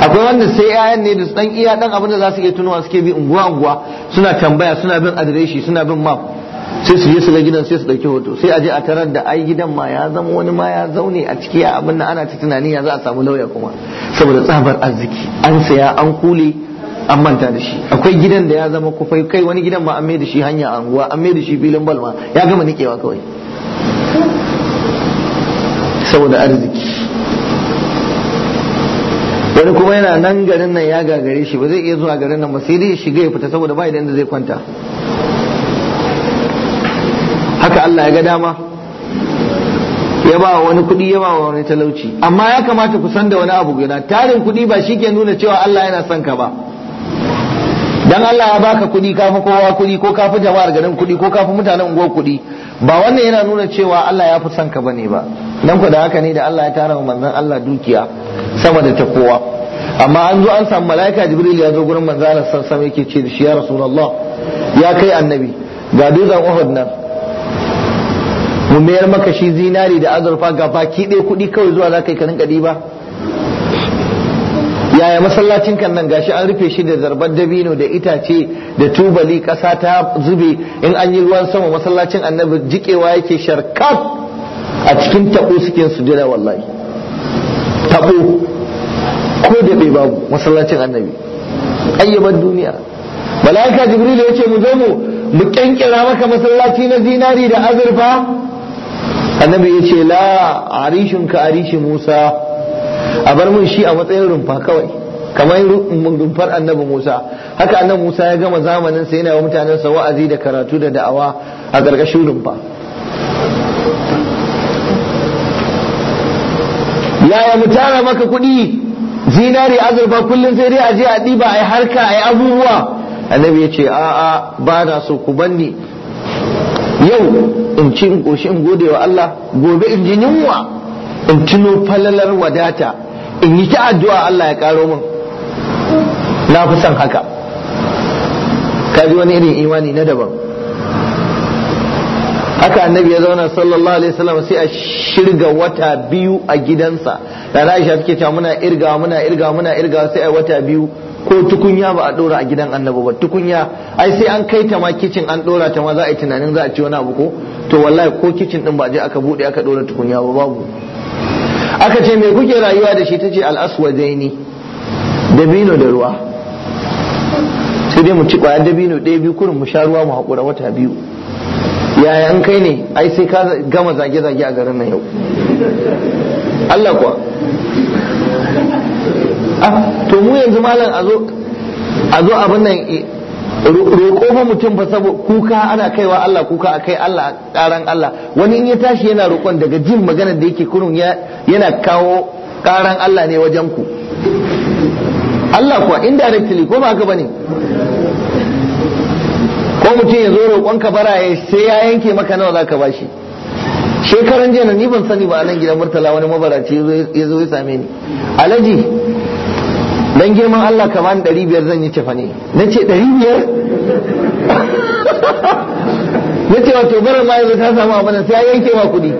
akwai wanda sai 'ya'yan ne da su dan iya dan abinda da za su iya tunawa suke bi unguwa unguwa suna tambaya suna bin adireshi suna bin map sai su je su ga gidan sai su dauki hoto sai a je a tarar da ai gidan ma ya zama wani ma ya zaune a ciki a abin da ana ta tunani ya za a samu lauya kuma saboda tsabar arziki an saya an kule an manta da shi akwai gidan da ya zama kufai kai wani gidan ma an mai da shi hanya a anguwa an mai da shi filin balma ya gama nikewa kawai saboda arziki wani kuma yana nan garin nan ya gagare shi ba zai iya zuwa garin nan ba sai dai shiga ya fita saboda ba idan zai kwanta haka Allah ya ga dama ya ba wani kuɗi ya ba wani talauci amma ya kamata ku san da wani abu guda tarin kuɗi ba shi ke nuna cewa Allah yana son ka ba dan Allah ya baka kuɗi kafi kowa kuɗi ko kafi jama'ar garin kuɗi ko kafi mutanen unguwar kuɗi ba wannan yana nuna cewa Allah ya fi son ka bane ba nan ku da haka ne da Allah ya tara wa manzon Allah dukiya sama da ta kowa amma an zo an samu malaika jibril ya zo gurin manzon Allah sallallahu yake ce da shi ya rasulullah ya kai annabi ga dutsen Uhud nan mu mayar maka shi zinari da azurfa ga baki ɗaya kuɗi kawai zuwa za ka yi ka rinka ɗiba yaya masallacin kan nan gashi an rufe shi da zarbar dabino da itace da tubali ƙasa ta zube in an yi ruwan sama masallacin annabi jikewa yake sharkaf a cikin taɓo suke jira wallahi taɓo ko da bai babu masallacin annabi Ayyaban duniya malaika jibril ya ce mu zo mu mu kyankira maka masallaci na zinari da azurfa annabi ya ce la arishin ka arishi musa a bar mun shi a matsayin rumfa kawai kamar rumfar annabi musa haka annabi musa ya gama zamanin sa yana wa mutanen sa wa'azi da karatu da da'awa a ƙarƙashin rumfa yaya mu tara maka kuɗi zinari azurfa kullum sai dai a je a ɗiba a harka a abubuwa annabi ya ce a'a ba na so ku banni yau in ci in ƙoshi in gode wa Allah gobe in ji yunwa in tuno falalar wadata in yi ta addu'a Allah ya karo min na fi son haka kaji wani irin imani na daban haka annabi ya zauna sallallahu alaihi wasallam sai a shirga wata biyu a gidansa da Aisha take cewa muna irga muna irga muna irga sai a wata biyu ko tukunya ba a dora a gidan annabi ba tukunya ai sai an kai ta ma kicin an dora ta ma za a yi tunanin za a ci wani abu ko to wallahi ko kicin din ba je aka bude aka dora tukunya ba babu aka ce me kuke rayuwa da shi tace al-aswadaini dabino da ruwa sai dai mu ci kwayar dabino ɗaya biyu kurin mu sha ruwa mu haƙura wata biyu yaya an kai ne ai sai ka gama zage-zage a garin na yau Allah kuwa ah, to mu yanzu malam a zo abin nan eh, roƙo fa mutum fa saboda kuka ana kaiwa Allah kuka a kai Allah ƙaran Allah wani in ya tashi yana roƙon daga jin maganar da yake kurun yana kawo ƙaran Allah ne wajen ku Allah kuwa indirectly ko ba haka bane ko mutum ya zo roƙon ka baraye sai ya yanke maka nawa zaka shi shekaran jiya ni ban sani ba a nan gidan murtala wani mabaraci ya zo ya same ni alaji dan girman Allah ka bani ɗari biyar zan yi cefa ne na ce ɗari biyar na ce wato bara ma yanzu ta samu abin sai ya yanke ma kuɗi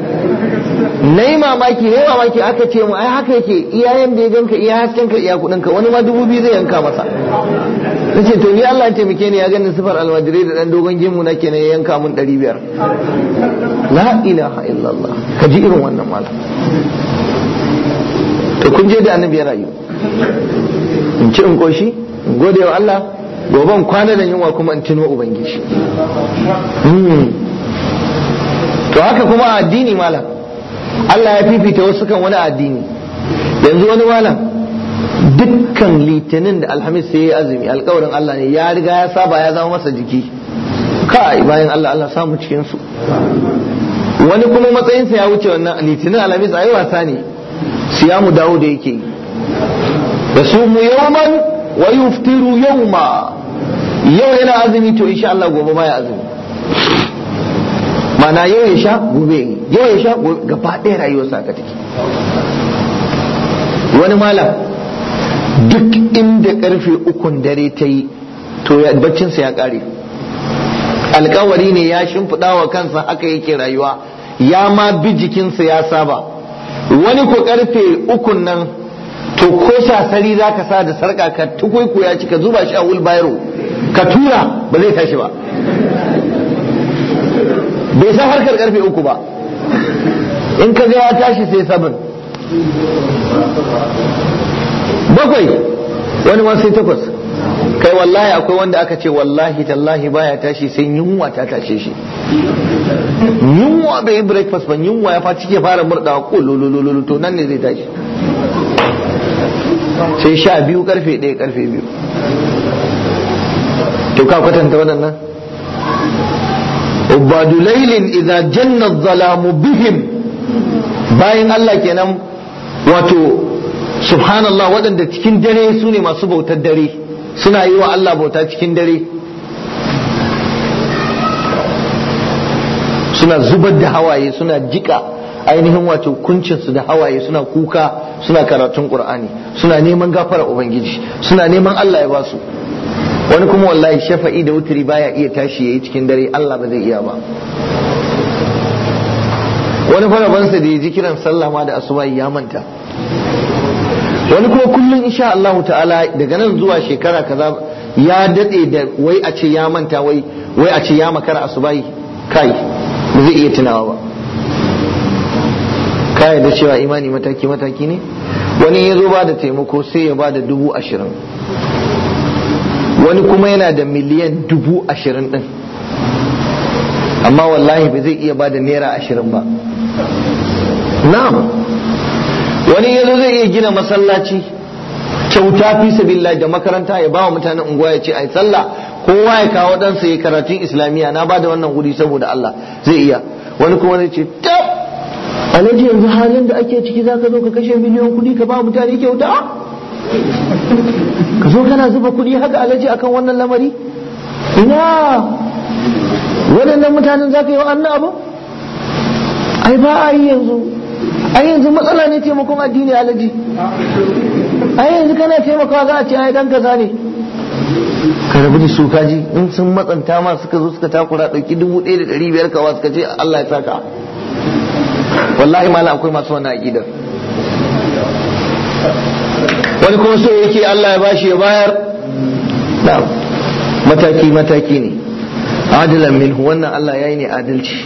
na yi mamaki na yi mamaki aka ce mu ai haka yake iyayen da ya ganka iya hasken ka iya kudin ka wani ma dubu biyu zai yanka masa na ce to ni Allah ya taimake ni ya gani sifar almajirai da dan dogon gemu na kenan ya yanka mun ɗari biyar la ilaha illallah ka ji irin wannan malam to kun je da annabi ya rayu in ci in koshi in gode wa Allah gobe kwana da yunwa kuma in tuno ubangiji hmm. to haka kuma addini malam Allah ya fifita wasu kan wani addini yanzu wani malam dukkan litinin da alhamis sai ya azumi alkawarin Allah ne ya riga ya saba ya zama masa jiki kai bayan Allah Allah samu cikin su wani kuma matsayinsa ya wuce wannan litinin alhamis ayi wasa ne siyamu dawo da yake yi mu yawman wa yuftiru yawma yau yana azumi to insha Allah gobe ma ya azumi mana yau ya sha gobe yau ya sha gobe gaba ɗaya rayuwarsa ka take wani malam duk inda karfe ukun dare ta yi to baccinsa ya kare. alkawari ne ya shimfiɗa wa kansa haka yake rayuwa ya ma bi jikinsa ya saba wani ku karfe ukun nan to ko sasari za ka sa da sarka ka tukwai ya ci ka zuba shi a wulbayaro ka tura ba zai tashi ba bai san harkar karfe uku ba in ka ga ya tashi sai sabin bakwai wani wasu takwas kai wallahi akwai wanda aka ce wallahi tallahi baya tashi sai yunwa ta tashe shi yunwa bai yi breakfast ba yunwa ya fara ke fara murda kululululu to nan ne zai tashi sai sha biyu karfe ɗaya karfe biyu to ka kwatanta waɗannan ubadu lailin idza janna zalamu bihim bayan Allah kenan wato subhanallah waɗanda cikin dare sune masu bautar dare suna yi wa Allah bauta cikin dare suna zubar da hawaye suna jika ainihin wato kuncinsu da hawaye suna kuka suna karatun qur'ani suna neman gafara ubangiji suna neman Allah ya basu wani kuma wallahi shafa'i da wuturi baya iya tashi yayi cikin dare Allah ba zai iya ba wani farabansa da ya ji kiran sallah ma da asuba ya manta wani kuma kullum insha Allah ta'ala daga nan zuwa shekara kaza ya dade da wai a ce ya manta wai wai a ce ya makara asuba kai ba zai iya tunawa ba kai da cewa imani mataki mataki ne wani ya zo ba da taimako sai ya ba da dubu ashirin wani kuma yana da miliyan dubu ashirin din amma wallahi ba zai iya ba da naira ashirin ba na'am wani yanzu zai iya gina masallaci kyauta fi sabilillah da makaranta ya ba wa mutanen unguwa ya ce ai sallah kowa ya kawo ɗansa ya karatun islamiyya na ba da wannan guri saboda Allah zai iya wani kuma zai ce tab alaji yanzu halin da ake ciki zaka zo ka kashe miliyan kuɗi ka ba mutane kyauta zo kana zuba kuɗi haka alaji akan wannan lamari ina waɗannan mutanen za ka yi wa annan abu ai ba a yi yanzu ai yanzu matsala ne taimakon addini alaji ai yanzu kana taimakawa za a ce ai dan kaza ne ka rabu da su kaji in sun matsanta ma suka zo suka takura ɗauki dubu ɗaya da ɗari biyar kawa suka ce Allah ya saka wallahi malam akwai masu wannan aƙidar wani kuma so yake Allah ya bashi ya bayar mataki mataki ne adalan minhu wannan Allah yayi ne adalci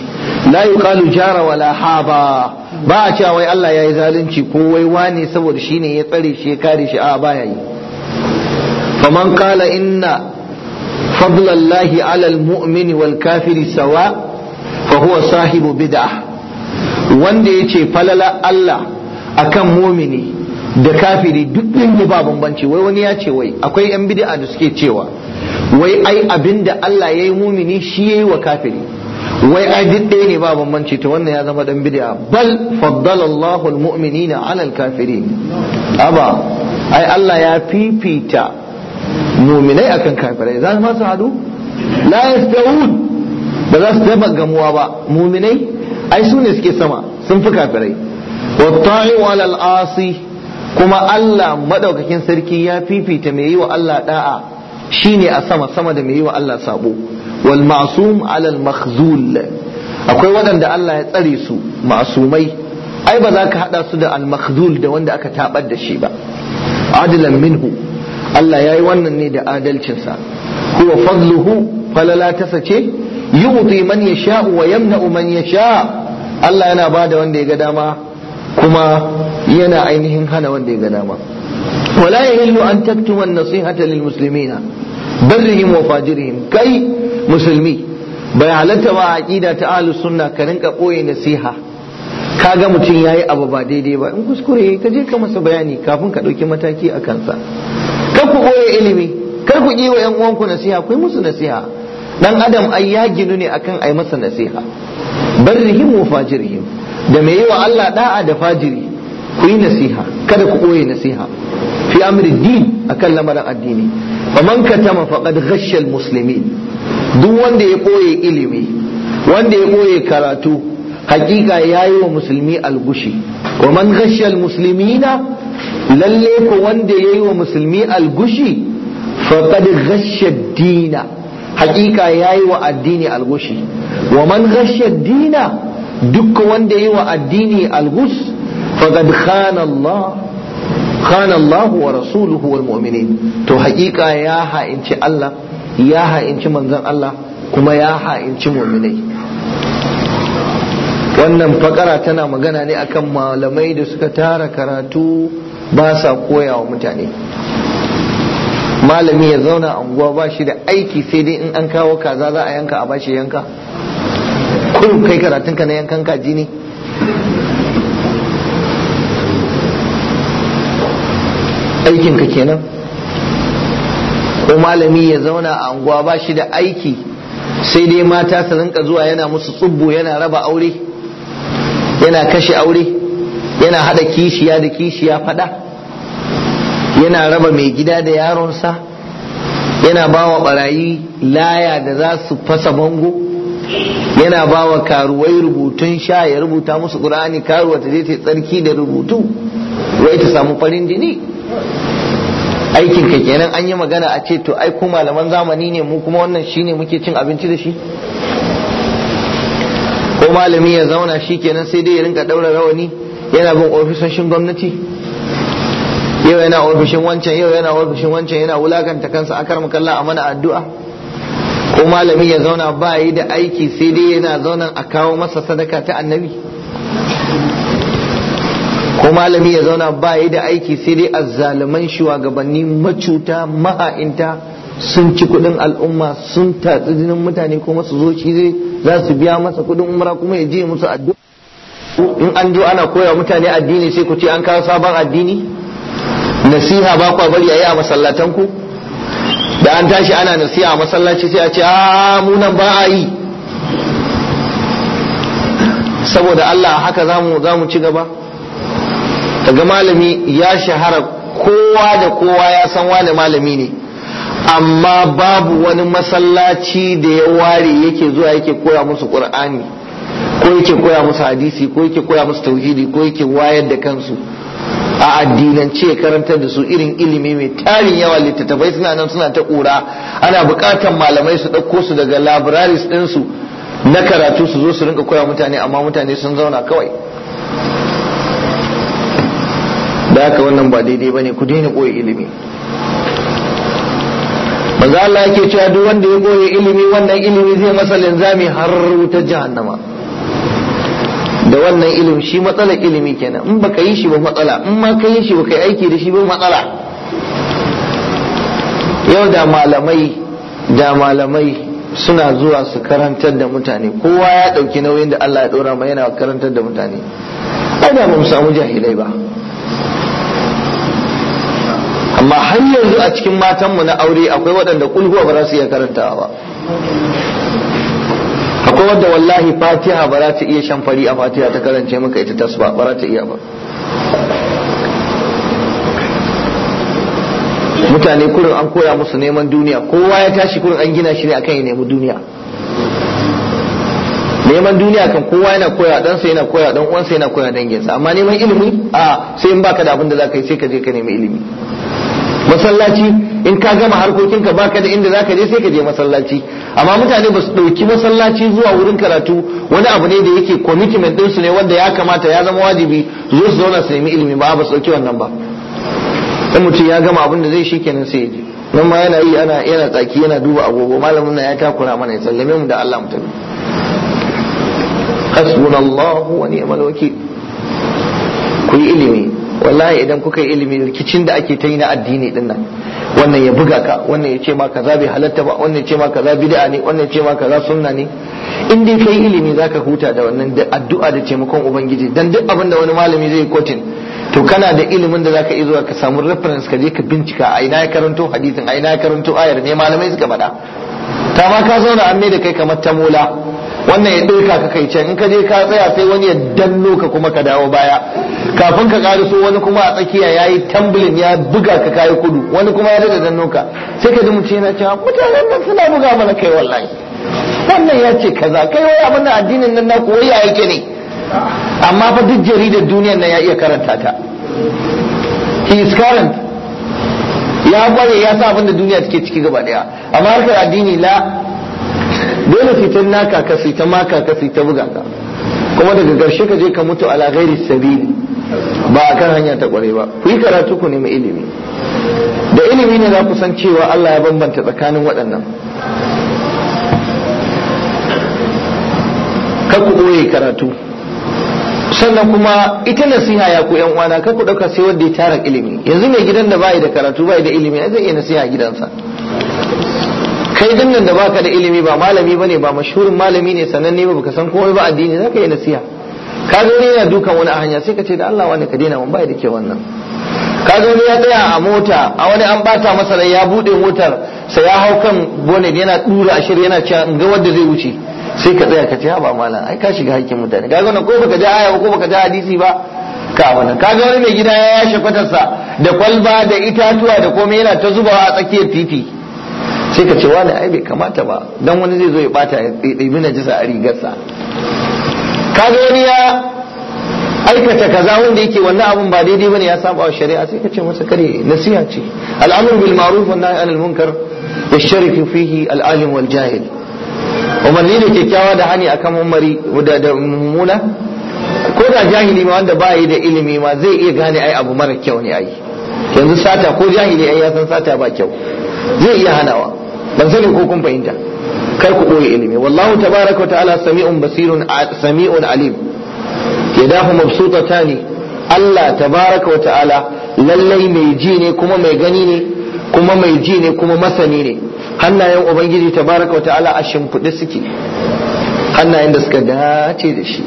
la yuqalu jara wala haba ba a cewa wai Allah yayi zalunci ko wai wane saboda shi ne ya tsare shi ya kare shi a ba yi. faman qala inna fadlallahi ala almu'mini wal kafiri sawa fa huwa sahibu bid'ah wanda yace falala Allah akan mumini da kafiri duk ɗin ba bambanci wai wani ya ce wai akwai yan bid'a da suke cewa wai ai abinda Allah ya yi mumini shi ya yi wa kafiri wai ai duk ɗaya ne ba bambanci to wannan ya zama dan bid'a bal faddalallahu almu'minina 'ala kafiri. aba ai Allah ya fifita muminai akan kafirai za ma su hadu la yastawun ba za su taba gamuwa ba muminai ai su suke sama sun fi kafirai ta'i wal kuma Allah madaukakin sarki ya fifita mai yi wa Allah da'a ne a sama sama da mai yi wa Allah sabo wal ma'sum alal makhzul akwai waɗanda Allah ya tsare su ma'sumai ai ba za ka haɗa su da al makhzul da wanda aka tabar da shi ba adilan minhu Allah ya yi wannan ne da adalcinsa huwa fadluhu falala ta sace yuti man yasha wa yamna man yasha Allah yana bada wanda ya ga dama kuma yana ainihin hana wanda ya ga dama wala yahillu an taktuma an-nasihata lil muslimina barrihim wa fajirihim kai musulmi bai halatta ba aqida ta ahlus sunna ka rinka koyi nasiha kaga mutum yayi abu ba daidai ba in kuskure ka je ka masa bayani kafin ka ɗauki mataki a kansa kar ku ilimi kar ku yi wa yan uwanku nasiha ku yi musu nasiha dan adam ai ya ginu ne akan ai masa nasiha barrihim wa fajirihim da mai yi wa Allah da'a da fajiri ku yi nasiha kada ku ɓoye nasiha fi amri din akan lamarin addini wa man katama faqad ghashsha almuslimin duk wanda ya ɓoye ilimi wanda ya ɓoye karatu hakika yayi wa musulmi algushi wa man ghashsha na lalle ko wanda yayi wa musulmi algushi faqad ghashsha dina hakika yayi wa addini algushi wa man ghashsha dina duk wanda yayi wa addini alghus faqad khana Allah khana Allah wa rasuluhu wal mu'minin to haƙiƙa ya ha'inci Allah ya ha'inci manzon Allah kuma ya ha'inci mu'minai wannan fakara tana magana ne akan malamai da suka tara karatu ba sa koya mutane malami ya zauna a unguwa ba shi da aiki sai dai in an kawo kaza za a yanka a bashi yanka kun kai karatunka na yankan kaji ne aikinka kenan ko malami ya zauna a unguwa ba shi da aiki sai dai mata su rinka zuwa yana musu tsubbu yana raba aure yana kashe aure yana hada kishiya da kishiya fada yana raba mai gida da yaronsa yana ba wa barayi laya da za su fasa bango yana ba wa karuwai rubutun sha ya rubuta musu ƙur'ani karuwa ta je ta tsarki da rubutu wai ta samu farin jini aikin ka kenan an yi magana a ce to ai ku malaman zamani ne mu kuma wannan shine muke cin abinci da shi ko malami ya zauna shi kenan sai dai ya rinka daura rawani yana bin ofisoshin gwamnati yau yana ofishin wancan yau yana ofishin wancan yana wulakanta kansa akar makalla a mana addu'a ko malami ya zauna ba yi da aiki sai dai yana zauna a kawo masa sadaka ta annabi ko malami ya zauna ba yi da aiki sai dai azzaluman shugabanni macuta maha'inta sun ci kudin al'umma sun tatsi jinin mutane kuma su zo shi zai za su biya masa kudin umra kuma ya je musu addu'a in an zo ana koya mutane addini sai ku ce an kawo sabon addini nasiha ba kwa bari a yi a masallatan ku da an tashi ana nasiha a masallaci sai a ce a ah, munan ba a yi saboda Allah haka zamu zamu ci gaba daga malami ya shahara kowa da kowa ya san wani malami ne amma babu wani masallaci da ya ware yake zuwa yake koya musu qur'ani ko yake koya musu hadisi ko yake koya musu tauhidi ko yake wayar da kansu a addinance karantar da su irin ilimi mai tarin yawa littattafai suna nan suna ta kura ana buƙatar malamai su ɗauko su daga labiraris ɗinsu na karatu su zo su rinka koya mutane amma mutane sun zauna kawai haka wannan ba daidai bane ku daina koyi ilimi manzo Allah yake cewa duk wanda ya koyi ilimi wannan ilimi zai masa linzami har wuta jahannama da wannan ilimi shi matsalar ilimi kenan in baka yi shi ba matsala in ma ka yi shi baka yi aiki da shi ba matsala yau da malamai da malamai suna zuwa su karantar da mutane kowa ya ɗauki nauyin da Allah ya ɗora ma yana karantar da mutane ai da mu samu jahilai ba amma har yanzu a cikin matanmu na aure akwai waɗanda kulhuwa ba za su iya karantawa ba akwai wadda wallahi fatiha ba za ta iya shan fari a fatiha ta karance maka ita tasba ba za ta iya ba mutane kurin an koya musu neman duniya kowa ya tashi kurin an gina shi ne akan ya nemi duniya neman duniya kan kowa yana koya dan sai yana koya dan uwansa yana koya danginsa amma neman ilimi a sai in baka da abin da zaka yi sai ka je ka nemi ilimi masallaci in ka gama harkokinka ka da inda za ka je sai ka je masallaci amma mutane ba su ɗauki masallaci zuwa wurin karatu wani abu ne da yake commitment ɗinsu ne wanda ya kamata ya zama wajibi zo su zauna su nemi ilimi ba ba su ɗauki wannan ba in mutum ya gama abin da zai shi kenan sai ya je nan ma yana yi ana yana tsaki yana duba agogo malamin nan ya takura mana ya sallame mu da Allah mu tabi hasbunallahu wa ni'mal wakil ku yi ilimi wallahi idan kuka yi ilimi rikicin da ake ta yi na addini din nan wannan ya buga ka wannan ya ce ma kaza bai halatta ba wannan ya ce ma kaza bid'a ne wannan ya ce ma kaza sunna ne in dai kai ilimi zaka huta da wannan da addu'a da taimakon ubangiji dan duk abin da wani malami zai kotin to kana da ilimin da zaka iya zuwa ka samu reference ka je ka bincika a ina ya karanto hadisin a ina ya karanto ayar ne malamai suka faɗa ta ma ka zauna amme da kai kamar ta mola wannan ya ɗauka ka kai can in ka je ka tsaya sai wani ya danno ka kuma ka dawo baya kafin ka so wani kuma a tsakiya ya yi tambulin ya buga ka kayi kudu wani kuma ya daga danno ka sai ka ji mutum yana cewa mutanen nan suna buga mana kai wallahi wannan ya ce kaza kai wai abin addinin nan na koyi ya yake ne amma fa duk jaridar duniyar nan ya iya karanta ta he is ya kware ya sa abin da duniya take ciki gaba daya amma harkar addini la dole su naka ka ta maka ka ta buga ka kuma daga ƙarshe ka je ka mutu ala ghairi sabili ba a kan hanya ta kware ba ku yi karatu ku nemi ilimi da ilimi ne za ku san cewa Allah ya bambanta tsakanin waɗannan kar ku ɓoye karatu sannan kuma ita nasiha ya ku yan uwana kar ku ɗauka sai wanda ya tara ilimi yanzu mai gidan da bai da karatu bai da ilimi zai iya nasiha gidansa kai dinnan da baka da ilimi ba malami bane ba mashhurin malami ne sananne ba baka san komai ba addini zaka yi nasiha ka ga ne yana dukan wani hanya sai ka ce da Allah wani ka daina mun bai da ke wannan ka ga ne ya tsaya a mota a wani an bata masa ya bude motar sai ya hau kan bonnet yana dura shirye yana cewa in ga wanda zai wuce sai ka tsaya ka ce ha ba malam ai ka shiga hakkin mutane ka ga wannan ko baka ji aya ba ko baka ji hadisi ba ka wannan ka ga wani mai gida ya yashe kwatarsa da kwalba da itatuwa da komai yana ta zubawa a tsakiyar titi sai ka ce wani ai bai kamata ba dan wani zai zo ya bata ya ɗibi na jisa a rigarsa kaga wani ya aikata kaza wanda yake wannan abun ba daidai bane ya saba wa shari'a sai ka ce masa kare nasiha ce al'amru bil ma'ruf wa nahy anil munkar yashtariku fihi al wal jahil ne da kyakkyawa da hani akan umari da mummuna ko da jahili ma wanda ba yi da ilimi ma zai iya gane ai abu mara kyau ne ai yanzu sata ko jahili ai ya san sata ba kyau zai iya hanawa ban sani ko kun fahimta kar ku ɓoye ilimi wallahu tabaraka wa ta'ala sami'un basirun sami'un alim yadahu mabsutatan Allah tabaraka wa ta'ala lallai mai ji ne kuma mai gani ne kuma mai ji ne kuma masani ne hannayen ubangiji tabaraka wa ta'ala a shimfiɗe suke hannayen da suka dace da shi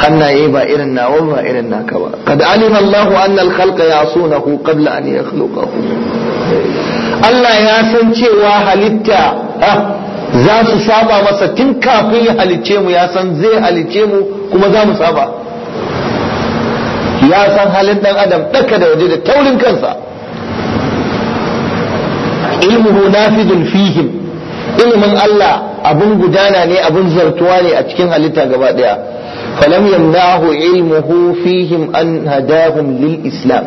hannaye ba irin nawa ba irin naka ba kad alima Allahu anna al-khalqa yasunahu qabla an yakhluqahu Allah ya san cewa halitta ah, za su saba masa tun kafin ya halicce mu ya san zai halicce mu kuma za mu saba ya san halin dan adam daka da waje da taurin kansa ilmuhu nafidun fihim ilimin Allah abun gudana ne abun zartuwa ne a cikin halitta gaba daya falam yamna'hu ilmuhu fihim an hadahum lil islam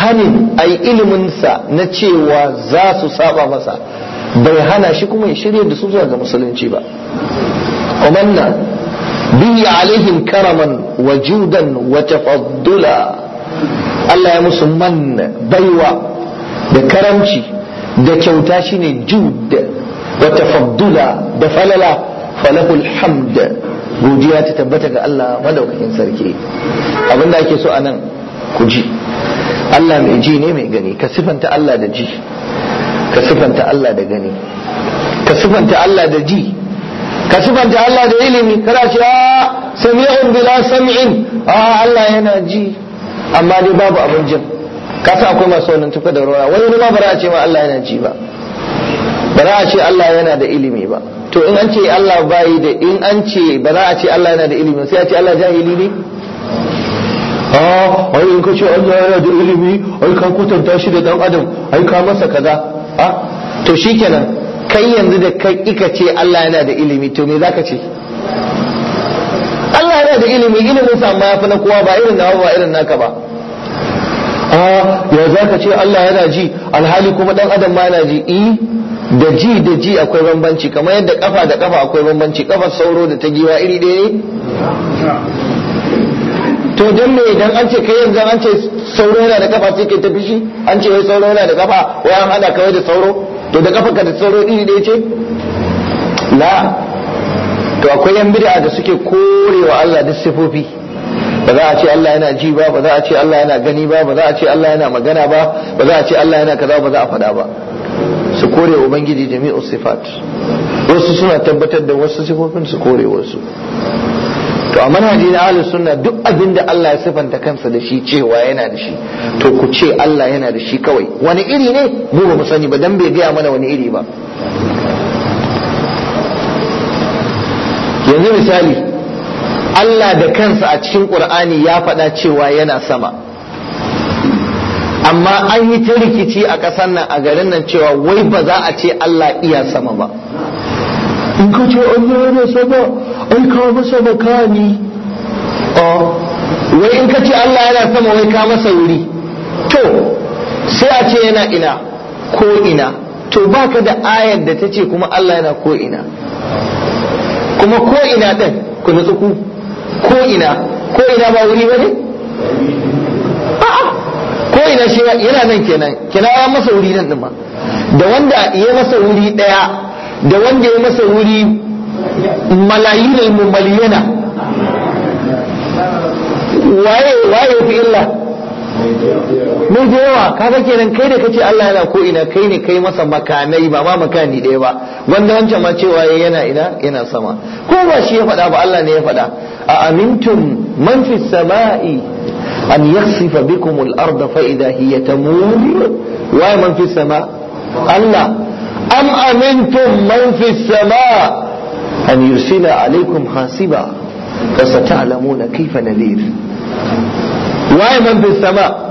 hanin ai ilimin na cewa za su saba masa bai hana shi kuma ya shirya da su zuwa ga musulunci ba umanna bihi alaihim karaman wa judan wa Allah ya musu man baiwa da karamci da kyauta shine jud wa da falala falahul hamd godiya ta tabbata ga Allah madaukakin sarki abinda ake so anan ku ji Allah mai ji ne mai gani ka sifanta Allah da ji ka sifanta Allah da gani ka sifanta Allah da ji ka sifanta Allah da ilimi kana cewa sami'un bila sam'in a ah, Allah yana ji amma dai babu abin jin ka sa akwai masu wannan tuka da ruwa wani ma ba za a ce ma Allah yana ji ba ba za a ce Allah yana da ilimi ba to in an ce Allah bayi da in an ce ba za a ce Allah yana da ilimi sai a ce Allah jahili ne ah ai in ka ce Allah yana da ilimi ai ka kutanta shi da dan adam ai ka masa kaza A ah, to shikenan kai yanzu da kai kika ce Allah yana da ilimi to me zaka ce Allah yana da ilimi ilimin sa amma yafi na kowa ba irin nawa ba irin naka ba A ah, ya zaka ce Allah yana ji alhali kuma dan adam ma yana ji eh da ji da ji akwai bambanci kamar yadda kafa da kafa akwai bambanci kafar sauro da ta giwa iri ɗaya ne to don me idan an ce kai yanzu an ce sauro yana da kafa sai kai ta fishi an ce wai sauro yana da kafa wai an hada kawai da sauro to da kafa ka da sauro iri ɗaya ce la to akwai yan bid'a da suke korewa Allah duk sifofi ba za a ce Allah yana ji ba ba za a ce Allah yana gani ba ba za a ce Allah yana magana ba ba za a ce Allah yana kaza ba za a faɗa ba su kore wa ubangiji jami'u sifat wasu suna tabbatar da wasu sifofin su kore wasu to a manhaji na ahlus sunna duk abin da Allah ya sifanta kansa da shi cewa yana da shi to ku ce Allah yana da shi kawai wani iri ne mu ba mu sani ba dan bai gaya mana wani iri ba yanzu misali Allah da kansa a cikin Qur'ani ya faɗa cewa yana sama amma an yi ta rikici a ƙasar nan a garin nan cewa wai ba za a ce Allah iya sama ba in ka ce an yi yana sama ai ka masa makani oh, wai in ka ce Allah yana sama wai ka masa wuri to sai a ce yana ina ko ina to baka da ayar da ta ce kuma Allah yana ko ina kuma ko ina ɗin ku nutsu ku ko ina ko ina ba wuri ba ne a'a ko ina shi yana nan kenan kenan ya masa wuri nan din da wanda ya masa wuri daya da wanda ya masa wuri malayinal mumaliyana waye waye fi illa mun da yawa kaga kenan kai da kace Allah yana ko ina kai ne kai masa makanai ba ma makani daya ba wanda wancan ma cewa yana ina yana sama ko ba shi ya faɗa ba Allah ne ya faɗa a amintum man fis sama'i أن يخسف بكم الأرض فإذا هي تمور ومن في السماء ألا أم أمنتم من في السماء أن يرسل عليكم حاسبا فستعلمون كيف نذير ومن في السماء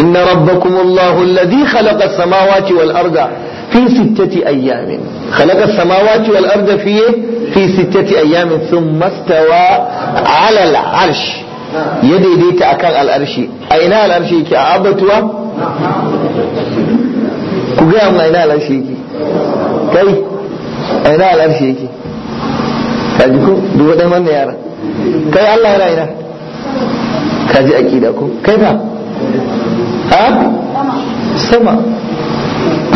إن ربكم الله الذي خلق السماوات والأرض في ستة أيام خلق السماوات والأرض في إيه؟ في ستة أيام ثم استوى على العرش ya daidaita a kan al'arshi a ina al'arshi yake a abatuwa ku gaya mu a ina al'arshi yake kai a ina al'arshi yake kaji ku duba ɗan wannan yara kai Allah yana ina kaji aƙida ku kai ba ha sama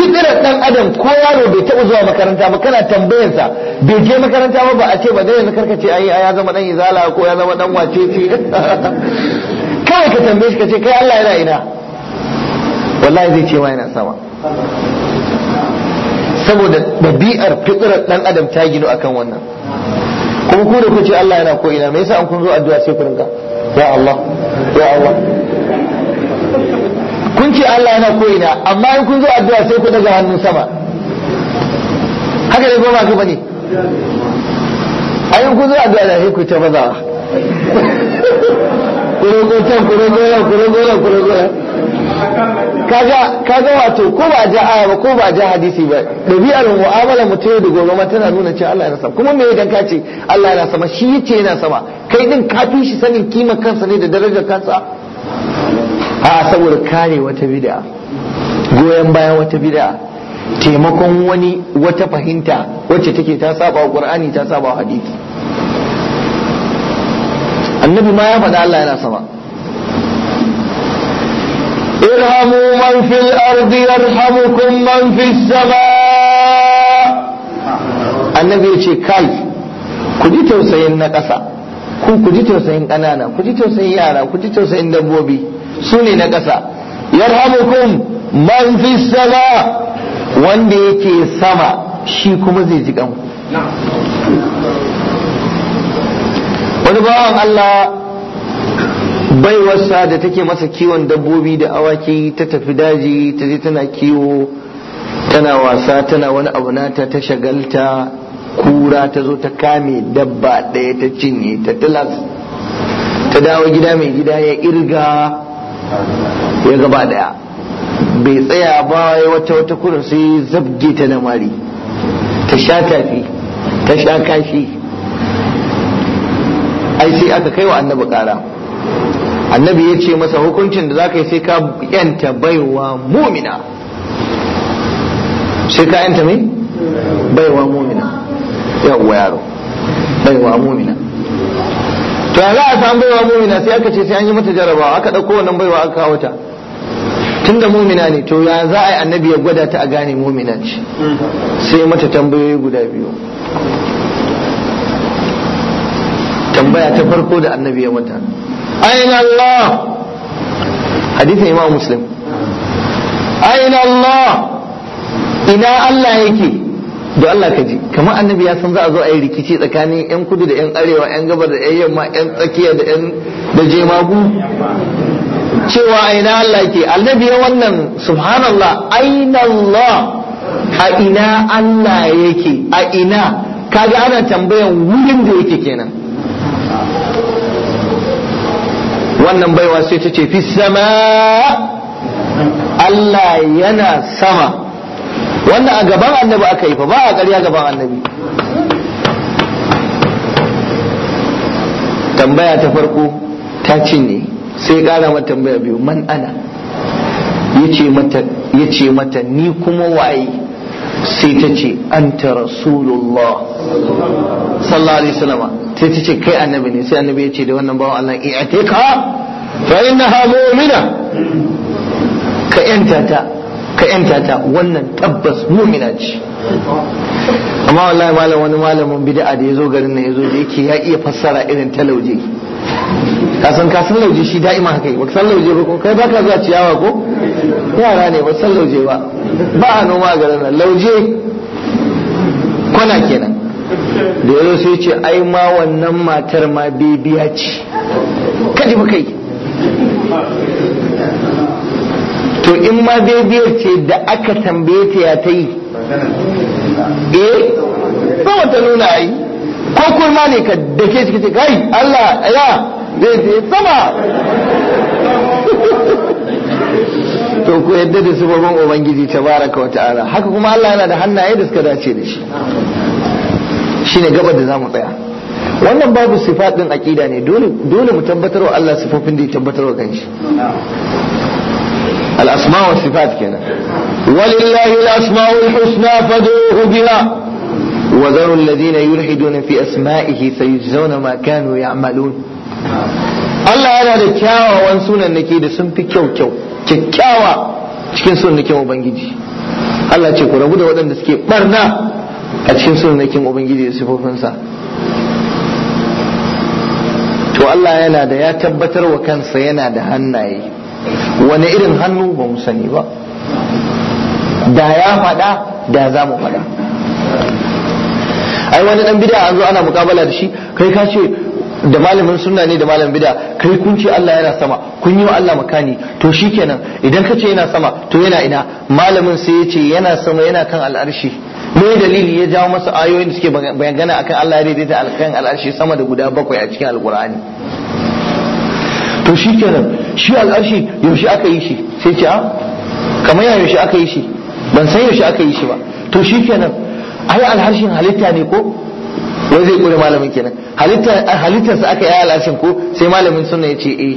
fitirar dan adam ko yaro bai taɓa zuwa makaranta ba kana tambayarsa bai je makaranta ba ba a ce ba dai yanzu karka ce ai ya zama dan izala ko ya zama dan wace ce kawai ka tambaye shi ka ce kai Allah yana ina wallahi zai ce ma yana sama saboda dabi'ar fitrar dan adam ta gino akan wannan kuma ku da ku ce Allah yana ko ina me yasa an kun zo addu'a sai ku rinka ya Allah ya Allah kun ce Allah yana koyina amma in kun zo addu'a sai ku daga hannun sama haka ne goma ku bane ayin kun zo addu'a da sai ku ta bazawa ku rogo can ku rogo ya ku rogo yan ku rogo yan kaga kaga wato ko ba ja aya ba ko ba ja hadisi ba dabi'ar mu'amala mu da gobe ma tana nuna cewa Allah yana sama kuma me idan ka ce Allah yana sama shi yace yana sama kai din ka fi shi sanin kimar kansa ne da darajar kansa a saboda kare wata bid'a goyon bayan wata bid'a taimakon wani wata fahimta wacce take ta saba wa qur'ani ta saba wa hadisi annabi ma ya faɗa Allah yana sama irhamu man fil ardi yarhamukum man fis sama annabi ya ce kai ku ji tausayin na ƙasa ku ku ji tausayin ƙanana ku ji tausayin yara ku ji tausayin dabbobi su ne na ƙasa yarhamukum man fi sama wanda yake sama shi kuma zai ji kan wani bawan Allah baiwarsa da take masa kiwon dabbobi da awaki ta tafi daji ta je tana kiwo tana wasa tana wani abu nata ta shagalta kura ta zo ta kame dabba ɗaya ta cinye ta tilas ta dawo gida mai gida ya irga ya gaba daya bai tsaya ba ya wata wata kudu sai zabge ta na mari ta sha tafi ta sha kashi ai sai aka kai wa annabi kara annabi ya ce masa hukuncin da za ka yi sai ka yanta baiwa mumina sai ka yanta mai baiwa mumina yawwa yaro baiwa mumina to za a samu baiwa mumina sai aka ce sai an yi mata jarabawa aka ɗauko wannan baiwa aka kawo ta tunda mumina ne to ya za a yi annabi ya gwada ta a gane mumina ce sai mata tambayoyi guda biyu tambaya ta farko da annabi ya mata ayin Allah hadithin imam muslim ayin Allah ina Allah yake da Allah ka ji kamar annabi ya san za a zo a yi rikici tsakanin yan kudu da yan arewa yan gabar da yan yamma yan tsakiya da yan da jemagu cewa aina Allah ke annabi ya wannan subhanallah aina Allah a ina Allah yake a ina kaga ana tambayan wurin da yake kenan wannan baiwa sai ta ce fi sama Allah yana sama wannan a gaban annabi aka yi fa ba a ƙarya gaban annabi tambaya ta farko ta cinye sai ƙara mata tambaya biyu man ana ya ce mata ni kuma waye sai ta ce anta rasulullah sallallahu alaihi wasallam sai ta ce kai annabi ne sai annabi ya ce da wannan bawan Allah i'tika fa innaha mu'mina ka yanta ta ka yanta ta wannan tabbas mumina ce amma wallahi malam wani malamin bid'a da yazo garin nan yazo da yake ya iya fassara irin talauje ka san ka san lauje shi da'ima haka yi san lauje ba ko kai baka zuwa ciyawa ko yara ne ba san lauje ba ba a noma a garin nan lauje kwana kenan da yazo sai ce ai ma wannan matar ma bibiya ce kaji ba kai to in ma biyar ce da aka tambaye ta ya ta yi eh ba wata nuna ai ko kurma ne ka dake shi ce kai Allah ya zai je sama to ku yadda da su sifofin ubangiji tabaraka wa ta'ala haka kuma Allah yana da hannaye da suka dace da shi shine gaba da zamu tsaya wannan babu sifatin aqida ne dole dole mu tabbatar wa Allah sifofin da ya tabbatar wa kanshi الاسماء والصفات كده ولله الاسماء الحسنى فادعوه بها وذروا الذين يلحدون في اسمائه سيجزون ما كانوا يعملون الله انا دكاوى وانسونا النكي دي كيو كيو كيكاوى شكين سنة كيو بانجيجي الله يقول ربنا ودن دسكي برنا أتشين سنة كيو بانجيجي سفو فنسا تو الله يلا دا يا تبتر وكان سينا دا wani irin hannu ba mu sani ba da ya faɗa da za mu faɗa ai wani dan bida an zo ana mukabala da shi kai ka ce da malamin sunna ne da malamin bida kai kun ce Allah yana sama kun yi wa Allah makani to shikenan idan ka ce yana sama to yana ina malamin sai ya ce yana sama yana kan al'arshi me dalili ya jawo masa ayoyin da suke bayangana akan Allah ya daidaita alkan al'arshi sama da guda bakwai a cikin alqur'ani to shikenan shi al'arshi yaushe aka yi shi sai ce a ah, kamar yana yaushe aka yi shi ban san yaushe aka yi shi ba to shi kenan ai alharshin halitta ne ko wai zai kure malamin kenan halittarsa aka yi al'arshin ko sai malamin sunna ya ce eh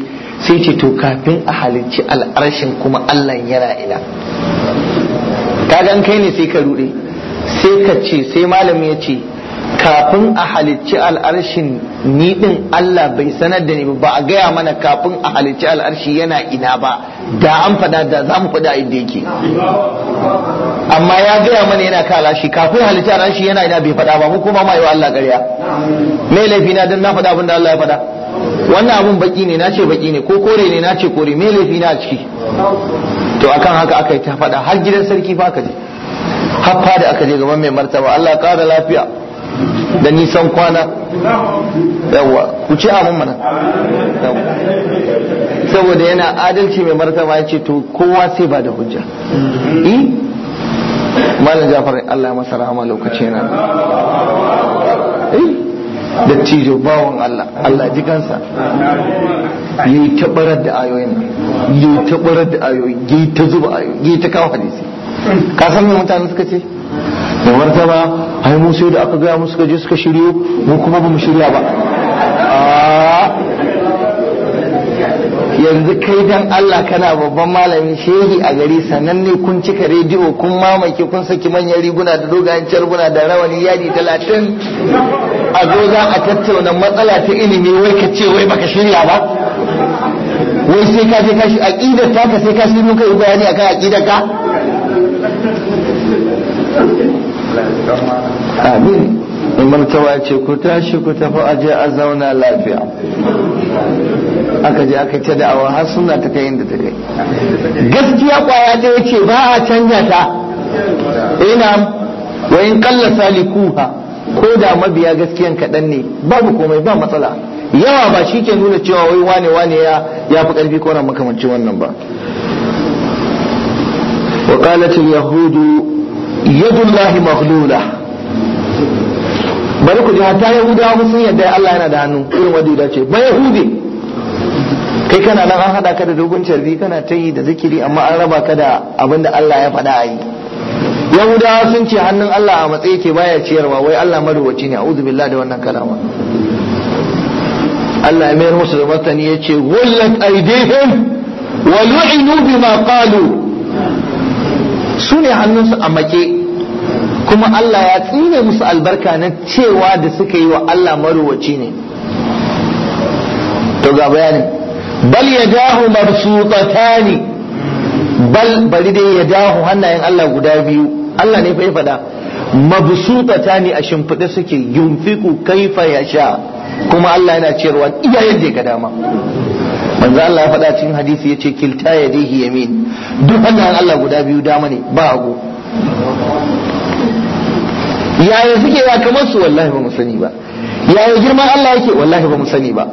sai ce to kafin a halicci al'arshin kuma Allah yana ina ka gan kai ne sai ka rude sai ka ce sai malamin ya ce kafin a halicci al'arshin ni din Allah bai sanar da ni ba a gaya mana kafin a halicci al'arshi yana ina ba da an fada da za mu fada inda yake amma ya gaya mana yana kala shi. kafin halicci al'arshi yana ina bai fada ba mu kuma ma yi wa Allah ƙarya me laifi na dan na fada abin da Allah ya fada wannan abun baki ne na ce baki ne ko kore ne na ce kore me laifi na ciki to akan haka aka yi ta fada har gidan sarki fa aka je har fada aka je gaban mai martaba Allah ƙara lafiya da nisan kwana yawa ku ci amin mana saboda yana adalci mai martaba ya ce to kowa sai ba da hujja mm. eh? malam jafar Allah masa rahama lokaci yana eh? da cijo bawon Allah Allah ji kansa yi tabarar da ayoyin yi tabarar da ayoyi yi ta zuba ayoyi yi ta kawo hadisi ka san mutane suka ce da martaba ai mu sai da aka gaya musu je suka shiryo mu kuma ba mu shirya ba yanzu kai dan Allah kana babban malamin shehi a gari sanan ne kun cika rediyo kun mamaki kun saki manyan riguna da dogayen carguna da rawani yadi talatin a zo za a tattauna matsala ta ilimi wai ka ce wai baka shirya ba wai sai ka je kashi aqidar ta ka sai ka shirya kai bayani akan aqidar ka amin imam tawa ce ku tashi ku tafi aje a zauna lafiya aka je aka ce da'awa har suna ta kai inda ta kai gaskiya kwaya da yace ba a canja ta ina wa in kalla salikuha ko da mabiya gaskiyan kaɗan ne babu komai ba matsala yawa ba shi ke nuna cewa wai wane wane ya ya fi ƙarfi ko na makamancin wannan ba وقالت Yahudu. yadullahi maghlula bari ku ji hatta yahudawa sun yadda Allah yana da hannu irin wanda ya dace ba yahudi kai kana nan an hada ka da dogon carbi kana tayi da zikiri amma an raba ka da abin da Allah ya faɗa a yi yahudawa sun ce hannun Allah a matsayi ke baya ciyarwa wai Allah maruwaci ne a'udhu billahi da wannan kalama Allah ya mayar musu da martani ya ce aidihim wa lu'inu bima qalu su ne hannunsu a make kuma Allah ya tsine musu albarka na cewa da suka yi wa Allah maruwaci ne to ga bayanin bal yadahu mabsutatani bal bari dai yadahu hannayen Allah guda biyu Allah ne fai ya mabsutatani a shimfiɗe suke yunfiku kaifa ya sha kuma Allah yana cewa iya yadda ka dama manzo Allah ya faɗa cikin hadisi yace kilta yadihi yamin duk hannayen Allah guda biyu dama ne ba hagu yaya suke ya kamar su wallahi ba mu sani ba yaya girma Allah yake wallahi ba mu sani ba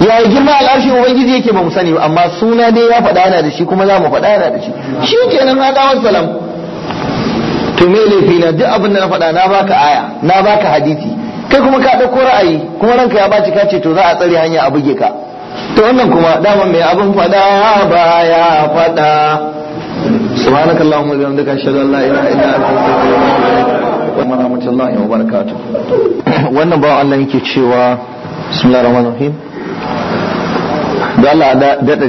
yaya girma al'arshin ubangiji yake ba mu sani ba amma suna dai ya faɗa yana da shi kuma za mu faɗa yana da shi shi kenan adawa salam to me laifi na duk abin da na faɗa na baka aya na baka hadisi kai kuma ka ɗauko ra'ayi kuma ranka ya baci ka ce to za a tsare hanya a buge ka to wannan kuma daman mai abin faɗa ba ya faɗa subhanakallahumma wa bihamdika ashhadu an la ilaha illa anta astaghfiruka alaikum warahmatullahi wannan bawan Allah yake cewa bismillahir rahmanir rahim da Allah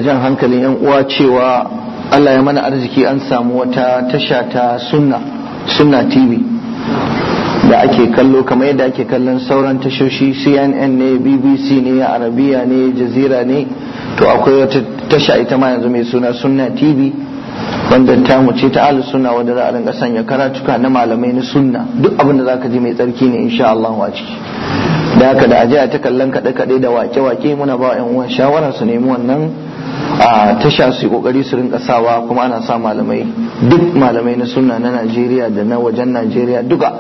jan hankalin yan uwa cewa Allah ya mana arziki an samu wata tasha ta sunna sunna TV da ake kallo kamar yadda ake kallon sauran tashoshi CNN ne BBC ne Arabiya ne Jazira ne to akwai wata tasha ita ma yanzu mai suna sunna TV wanda ta mu ce ta ahlus sunna wanda za a dinga sanya karatuka na malamai na sunna duk abin da zaka ji mai tsarki ne insha Allah a ciki da haka da ajiya ta kallon kaɗe kaɗe da wake wake muna ba yan uwan shawara su nemi wannan a tasha su yi kokari su rinka sawa kuma ana sa malamai duk malamai na sunna na Najeriya da na wajen Najeriya duka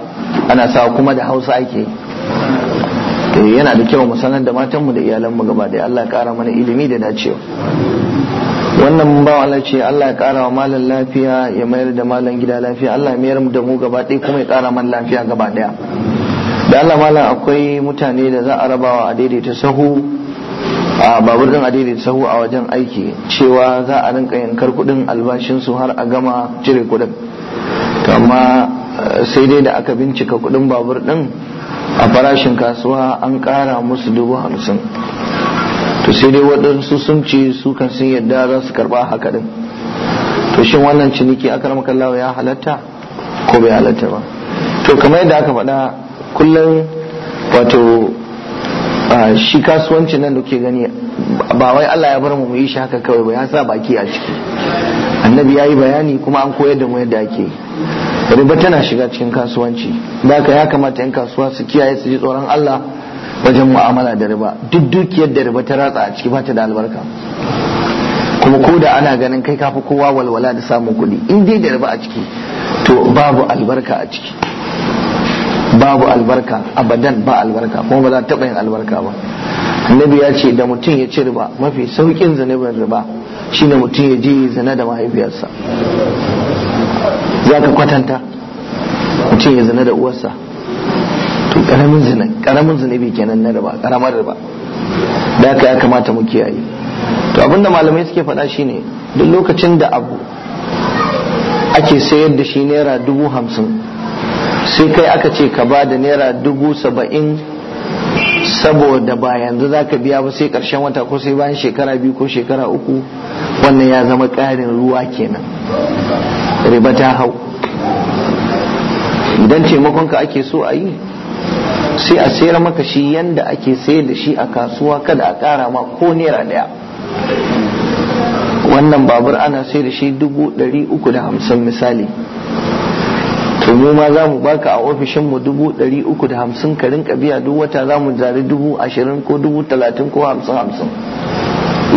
ana sawa kuma da Hausa ake eh, yana da kyau mu sanar da matanmu da iyalanmu gaba da Allah ya kara mana ilimi da dacewa wannan bawala ce Allah ya kara wa malam lafiya ya mayar da malam gida lafiya Allah ya mayar da mu gaba ɗaya kuma ya kara man lafiya gaba ɗaya da Allah malam akwai mutane da za a rabawa a daidaita sahu a babur din a daidaita sahu a wajen aiki cewa za a rinka yankar kuɗin su har a gama cire kuɗin to amma eh, sai dai da aka bincika kuɗin babur din a farashin kasuwa an ƙara musu dubu hamsin to sai dai waɗansu sun ce su kan sun yadda za su karba haka din to shin wannan ciniki a akar makallawa ya halatta ko bai halatta ba to kamar yadda aka faɗa kullum wato shi kasuwanci nan da ke gani ba wai Allah ya bar mu yi shi haka kawai ba ya sa baki a ciki annabi ya yi bayani kuma an koyar da mu yadda ake riba tana shiga cikin kasuwanci da ya kamata 'yan kasuwa su kiyaye su ji tsoron Allah wajen mu'amala da riba duk dukiyar da riba ta ratsa a ciki ba ta da albarka kuma ko da ana ganin kai kafi kowa walwala da samun kuɗi in dai da riba a ciki to babu albarka a ciki babu albarka abadan ba albarka kuma ba za ta yin albarka ba annabi ya ce da mutum ya ci riba mafi saukin zanubin riba shine mutum ya je zina da mahaifiyarsa za ka kwatanta mutum ya zina da uwarsa karamin zina karamin zunubi kenan na riba karamar riba da ka ya kamata mu kiyaye to abinda malamai suke faɗa shine duk lokacin da abu ake sayar da shi naira dubu hamsin sai kai aka ce ka ba da naira dubu saba'in saboda ba yanzu za ka biya ba sai karshen wata ko sai bayan shekara biyu ko shekara uku wannan ya zama ƙarin ruwa kenan riba ta hau idan taimakonka ake so a yi sai a sayar maka shi yanda ake sayar da shi a kasuwa kada a ƙara ma ko naira ɗaya wannan babur ana sayar da shi dubu ɗari uku da hamsin misali to mu ma za mu baka a ofishin mu dubu ɗari uku da hamsin ka rinka biya duk wata za mu zari dubu ashirin ko dubu talatin ko hamsin hamsin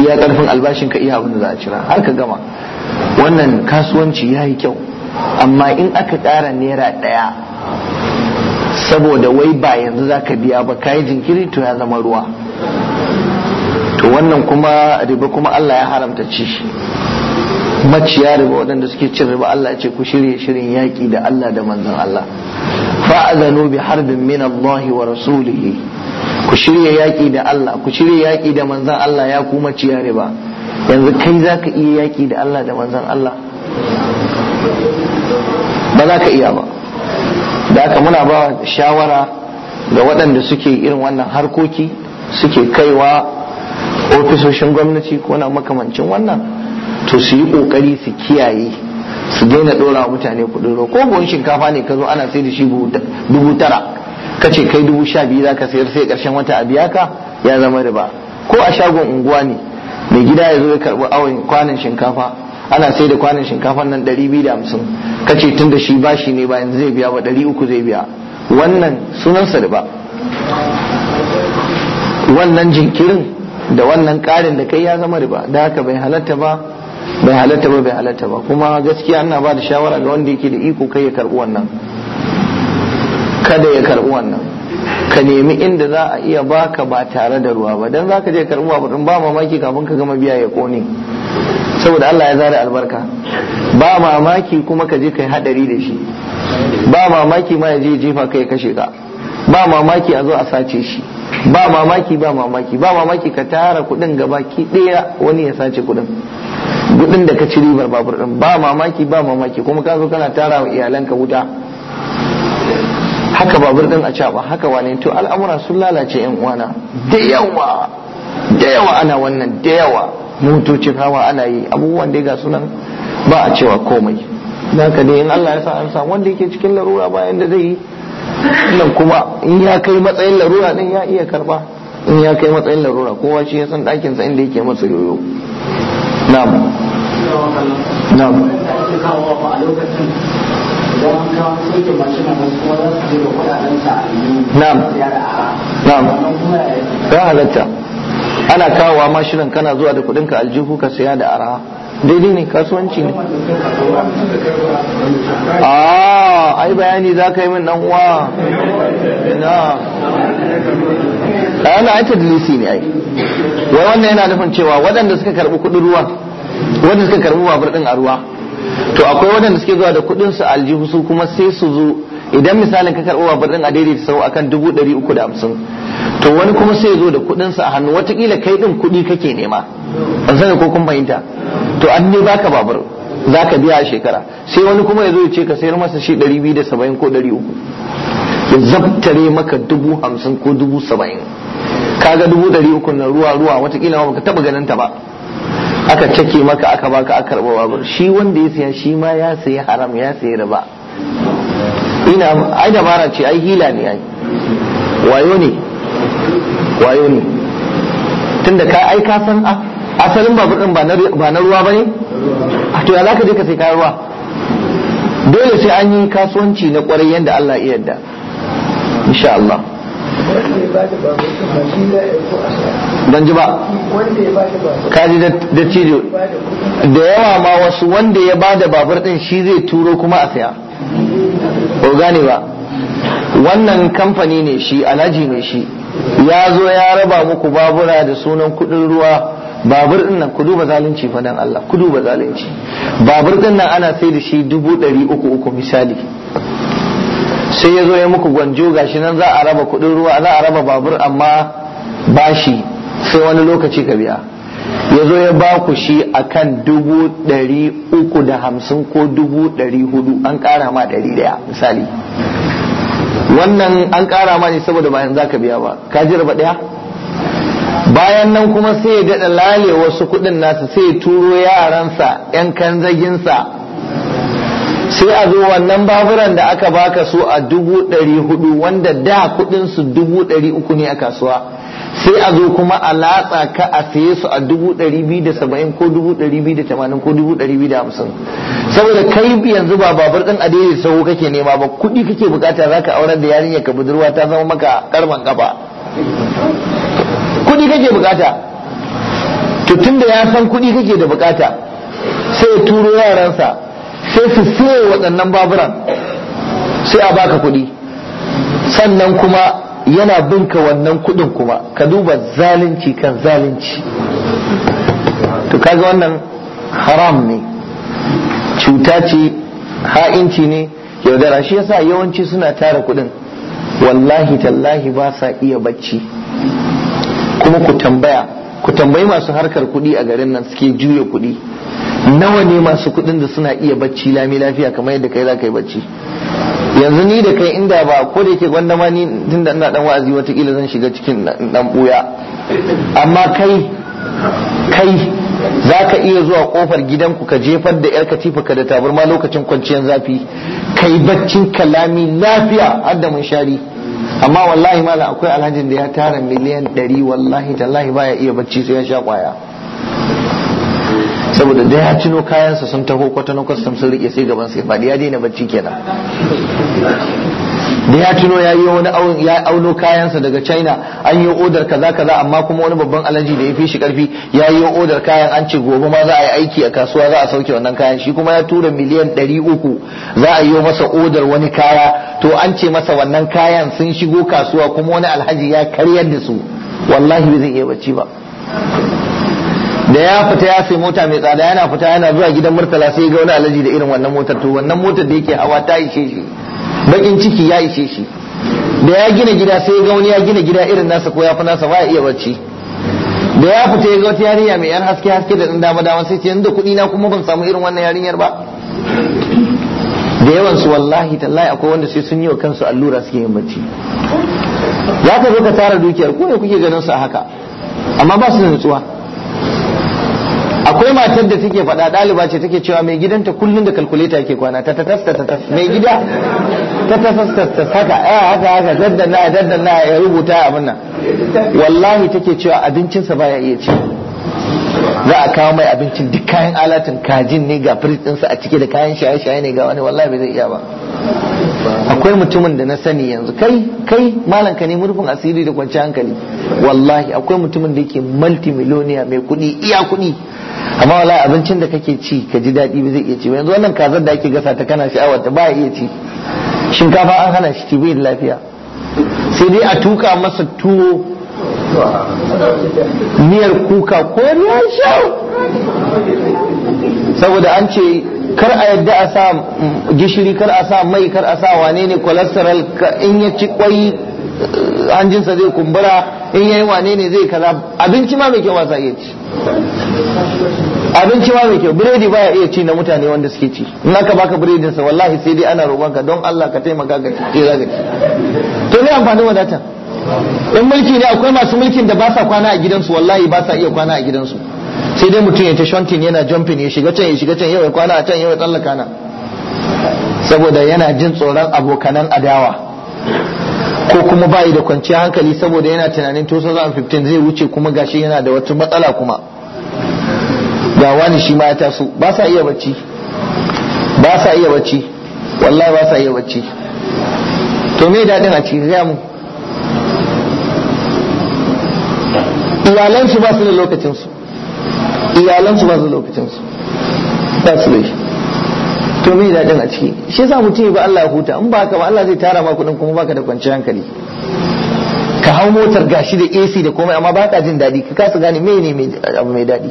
iya ƙarfin albashin ka iya abin da za a cira har ka gama wannan kasuwanci ya yi kyau amma in aka ƙara naira ɗaya saboda wai ba yanzu za ka biya ba kayi jinkiri to ya zama ruwa to wannan kuma riba kuma Allah ya haramta ci maciya riba waɗanda suke cin riba Allah ya ce ku shirye shirin yaƙi da Allah da manzon Allah fa'azanu bi harbin min Allah wa rasulihi ku shirye yaƙi da Allah ku shirye yaƙi da manzon Allah ya ku maciya riba yanzu kai za ka iya yaƙi da Allah da manzon Allah ba za ka iya ba da aka muna ba shawara ga waɗanda suke irin wannan harkoki suke kaiwa ofisoshin gwamnati ko na makamancin wannan to su yi ƙoƙari su kiyaye su daina ɗora mutane kuɗin ko buhun shinkafa ne ka zo ana sai da shi dubu tara ka ce kai dubu sha biyu za ka sayar sai ƙarshen wata a biya ka ya zama riba ko a shagon unguwa ne mai gida ya zo ya karɓi awon kwanan shinkafa ana sai da kwanan shinkafan nan da 250 kace tun da shi bashi ne ba zai biya ba 300 zai biya wannan sunansa da ba wannan jinkirin da wannan karin da kai ya zama riba da haka bai halatta ba bai halatta ba bai halatta ba kuma gaskiya ana ba da shawara ga wanda yake da iko kai ya karɓi wannan kada ya karɓi wannan ka nemi inda za a iya baka ba tare da ruwa ba dan zaka je karbi ba ba mamaki kafin ka gama biya ya kone saboda Allah ya zara albarka ba mamaki kuma ka je kai hadari da shi ba mamaki ma ya je jefa kai kashe ka ba mamaki a zo a sace shi ba mamaki ba mamaki ba mamaki ka tara kudin baki daya wani ya sace kudin kudin da ka ci ribar babur din ba mamaki ba mamaki kuma ka zo kana tara wa iyalanka wuta haka babur din a ba haka wane to al'amura sun lalace yan uwana da yawa da yawa ana wannan da yawa motocin hawa ana yi abubuwan da ya ga sunan ba a cewa komai don ka ne in Allah ya sa an samu wanda yake cikin larura bayan da zai yi nan kuma in ya kai matsayin larura din ya iya karba in ya kai matsayin larura kowa shi ya san ɗakin sa inda yake masa yoyo na'am na'am na'am na'am ya halatta ana kawowa mashinan kana zuwa da kudinka aljihu ka saya da araha daidai ne kasuwanci ne a ah, ai bayani za ka yi min nan uwa na ana da tadlisi ne ai wai wannan yana nufin cewa waɗanda suka karɓi kuɗin ruwa waɗanda suka karɓi babur ɗin a ruwa to akwai waɗanda suke zuwa da kuɗinsu su aljihu su kuma sai su zo idan misalin ka karɓo babur ɗin a daidaita sau akan dubu ɗari uku da hamsin to wani kuma sai zo da sa a hannu watakila kai ɗin kuɗi kake nema an sani ko kuma fahimta to an ne baka babur za ka biya a shekara sai wani kuma ya zo ya ce ka sayar masa shi ɗari biyu da saba'in ko ɗari uku ya zabtare maka dubu hamsin ko dubu saba'in kaga dubu ɗari uku na ruwa ruwa watakila ma baka taɓa ganin ta ba aka cake maka aka baka aka karɓa babur shi wanda ya saya shi ma ya sayi haram ya siya riba ina ai dabara ce ai hila ne ai wayo ne wayo ne tunda ka ai ka san asalin babur din ba na ruwa bane a to ya zaka je ka sai ka ruwa dole sai an yi kasuwanci na kwarai yadda Allah ya yarda insha Allah ban ji ba kaji da cijo da yawa ma wasu wanda ya bada babur din shi zai turo kuma a saya ba ba wannan kamfani ne shi alhaji ne shi ya zo ya raba muku babura da sunan kudin ruwa babur din nan ku duba zalunci fa dan Allah ku duba zalunci babur din nan ana sai da shi dubu ɗari uku uku misali sai ya zo ya muku gwanjo gashi nan za a raba kudin ruwa za a raba babur amma bashi sai wani lokaci ka biya ya zo ya ba ku shi a kan dubu ɗari uku da hamsin ko dubu ɗari hudu an ƙara ma ɗari ɗaya misali wannan an ƙara ma ne saboda bayan za ka biya ba ka ji raba ɗaya bayan nan kuma sai ya daɗa lale wasu kuɗin nasa sai ya turo yaransa ‘yan kanzaginsa sai a zo wannan baburan da aka baka su a dubu ɗari hudu wanda da kuɗinsu dubu ɗari uku ne a kasuwa sai a zo kuma a latsa ka a saye su a dubu ɗari biyu da saba'in ko dubu ɗari biyu da tamanin ko dubu ɗari biyu da hamsin saboda kai yanzu ba babar din adaidaita sau kake nema ba kuɗi kake bukata za ka auren da yarinya ka budurwa ta zama maka karman kafa kuɗi kake bukata to tunda ya san kuɗi kake da bukata sai ya turo yaransa sai su siye waɗannan baburan sai a baka kuɗi sannan kuma yana binka wannan kudin kuma ka duba zalunci kan zalunci to kaga wannan haram ne cuta ce ha'inci ne yaudara shi yasa yawanci suna tara kudin wallahi tallahi ba sa iya bacci kuma ku tambaya ku tambayi masu harkar kudi a garin nan suke juya kudi nawa ne masu kudin da suna iya bacci lami lafiya kamar yadda kai za ka yi bacci yanzu ni da kai inda ba ko da yake gwanda ma ni tunda ina dan wa'azi wataƙila zan shiga cikin dan buya amma kai kai za ka iya zuwa kofar gidanku ka jefar da yar katifa ka da taburma lokacin kwanciyar zafi kai baccin kalami lafiya har da shari amma wallahi mala akwai alhajin da ya tara miliyan ɗari wallahi tallahi baya iya bacci sai ya sha kwaya saboda da ya cino kayansa sun taho na kwastam sun rike sai gaban sai faɗi ya daina bacci kenan da ya tuno ya yi wani auno kayansa daga china an yi odar kaza kaza amma kuma wani babban alaji da ya fi shi karfi ya yi odar kayan an ce gobe ma za a yi aiki a kasuwa za a sauke wannan kayan shi kuma ya tura miliyan ɗari uku za a yi masa odar wani kaya to an ce masa wannan kayan sun shigo kasuwa kuma wani alhaji ya karyar da su wallahi ba zai iya bacci ba da ya fita ya sai mota mai tsada yana fita yana zuwa gidan murtala sai ga wani alaji da irin wannan motar to wannan motar da yake hawa ta ishe shi bakin ciki ya ishe shi da ya gina gida sai ga wani ya gina gida irin nasa ko ya fi nasa ba ya iya bacci da ya fita ya ga wata yarinya mai yan haske haske da dan dama dama sai ce yanzu kuɗi na kuma ban samu irin wannan yarinyar ba da yawan su wallahi tallahi akwai wanda sai sun yi wa kansu allura suke yin bacci za ka zo ka tara dukiyar ko ne kuke ganin su haka amma ba su da nutsuwa akwai matar da take faɗa ɗaliba ce take cewa mai gidanta kullum da kalkuleta yake kwana ta ta tafsa ta mai gida ta ta tafsa haka eh haka haka daddana na ya rubuta abin nan wallahi take cewa abincinsa baya iya ci za a kawo mai abincin duk kayan alatin kajin ne ga firis ɗinsa a cike da kayan shaye-shaye ne ga wani wallahi bai zai iya ba akwai mutumin da na sani yanzu kai kai malam ka ne murfin asiri da kwanci hankali wallahi akwai mutumin da yake multimillionaire mai kudi iya kudi. amma wallahi abincin da kake ci ka ji daɗi ba zai iya ci yanzu wannan kazar da ake gasa ta kana sha'awar ta ba iya ci shinkafa an hana shi ci bai lafiya sai dai a tuka masa tuwo miyar kuka ko miyar shau saboda an ce kar a yadda a sa gishiri kar a sa mai kar a sa wane ne cholesterol in ya ci kwai eh, hanjinsa zai kumbura in yayi wane ne zai kaza abinci ma mai kyau ba sa iya ci abinci ma mai kyau biredi baya iya ci na mutane wanda suke ci in aka baka biredinsa wallahi sai dai ana roƙonka don Allah ka taimaka ga ci to ne amfani wadatan in mulki ne akwai masu mulkin da ba sa kwana a gidansu wallahi ba sa iya kwana a gidansu sai dai mutum ya ta shantin yana jumping ya shiga can ya shiga can yau ya kwana a can yau ya tsallaka na saboda yana jin tsoron abokanan adawa ko kuma bayi da kwanciyar hankali saboda yana tunanin 2015 zai wuce kuma gashi yana da wata matsala kuma ga wani shi ma ya taso ba sa iya bacci ba sa iya bacci wallahi ba sa iya bacci to me dadin a cikin mu iyalansu ba su da lokacinsu iyalansu ba su da lokacinsu ba su da to me daɗin a ciki shi yasa mutum ba Allah ya huta in ba ka ba Allah zai tara ma kudin kuma baka da kwanciyar hankali ka hau motar gashi da AC da komai amma baka jin daɗi ka kasa gane me ne abu mai daɗi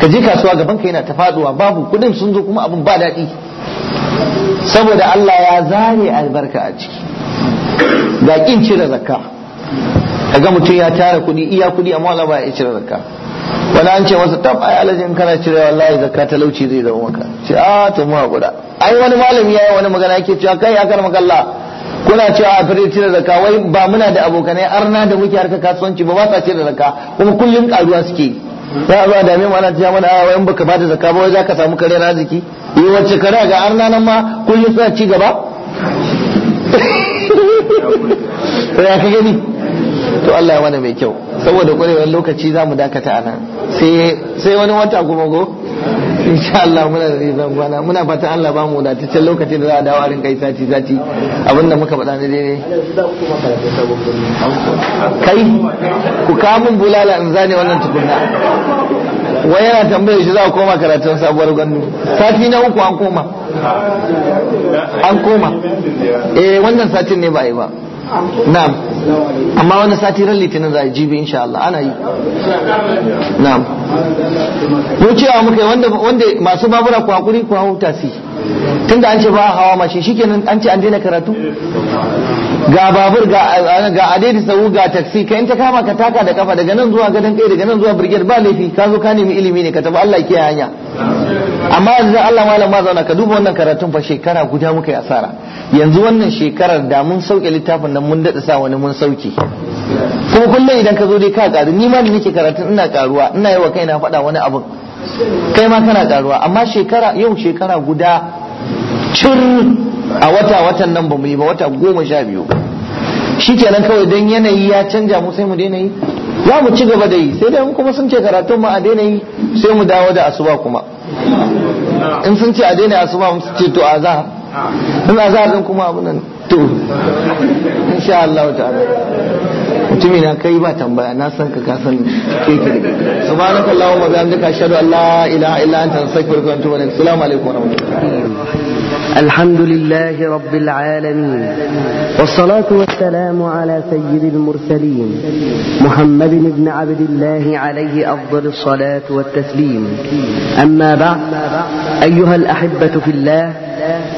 ka je kasuwa gaban ka yana ta faduwa babu kuɗin sun zo kuma abin ba daɗi saboda Allah ya zare albarka a ciki ga kin cire zakka kaga mutum ya tara kudi iya kudi amma wala ba ya cire zakka wani an ce masa tab ai alajin kana cire wallahi zakka talauci zai zama maka ce a ah, to mu hakura ai wani malami yayi wani magana yake cewa kai ya karma kalla kuna cewa a fare cire zakka wai ba muna da abokanai arna da muke harka kasuwanci ba ba sa cire zakka kuma kullun karuwa suke za a zuwa dame mana ta ah, mana a in baka bada zakka ba wai zaka samu kare arziki yi eh, wacce kare ga arna nan ma kullun suna ci gaba ya ka gani to Allah ya mana mai kyau saboda kwarewar lokaci za mu dakata a nan sai wani wata kuma go insha Allah muna da rizan gwana muna fata Allah ba mu da ta lokaci da za a dawo a rinka sati sati abinda muka faɗa ne dai ne kai ku kamun bulala in zane wannan tukunna wai yana tambayar shi za a koma karatun sabuwar gwanu sati na uku an koma an koma eh wannan satin ne ba yi ba na'am amma wani sati ran litinin za a jibi insha Allah ana yi na'am mun cewa muka wanda wanda masu babura ku hakuri ku hawo tasi tunda an ce ba a hawa shi shikenan an ce an daina karatu ga babur ga ga adedi sau ga taksi ka in ta kama ka taka da kafa daga nan zuwa gadon kai daga nan zuwa brigade ba laifi ka zo ka nemi ilimi ne ka tabi Allah kiyaye hanya amma yanzu Allah malam ma zauna ka duba wannan karatun fa shekara guda muka yi asara yanzu wannan shekarar da mun sauke littafin nan mun daɗa sa wani mun sauke kuma kullum idan ka zo dai ka karu ni ma da nake karatu ina karuwa ina yawa kaina faɗa wani abin kai ma kana karuwa amma shekara yau shekara guda cin a wata watan nan ba mu yi ba wata goma sha biyu shi kenan kawai don yanayi ya canja mu sai mu daina yi za mu ci gaba da yi sai dai kuma sun ce karatun mu a daina yi sai mu dawo da asuba kuma in sun ce a daina asuba mu ce to za. الأزال لكم إن شاء الله تعالى وتمينا كيبا تنبع ناسا ككاسا كيكي سبحانك الله أن لا إله إلا أنت نستغفرك وأنت من السلام عليكم ورحمة الله الحمد لله رب العالمين والصلاة والسلام على سيد المرسلين محمد بن عبد الله عليه أفضل الصلاة والتسليم أما بعد أيها الأحبة في الله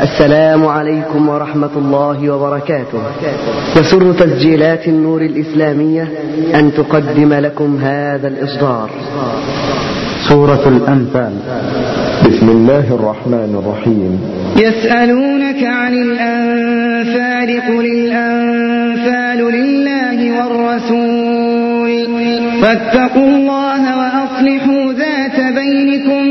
السلام عليكم ورحمة الله وبركاته يسر تسجيلات النور الإسلامية أن تقدم لكم هذا الإصدار سورة الأنفال بسم الله الرحمن الرحيم يسألونك عن الأنفال قل الأنفال لله والرسول فاتقوا الله وأصلحوا ذات بينكم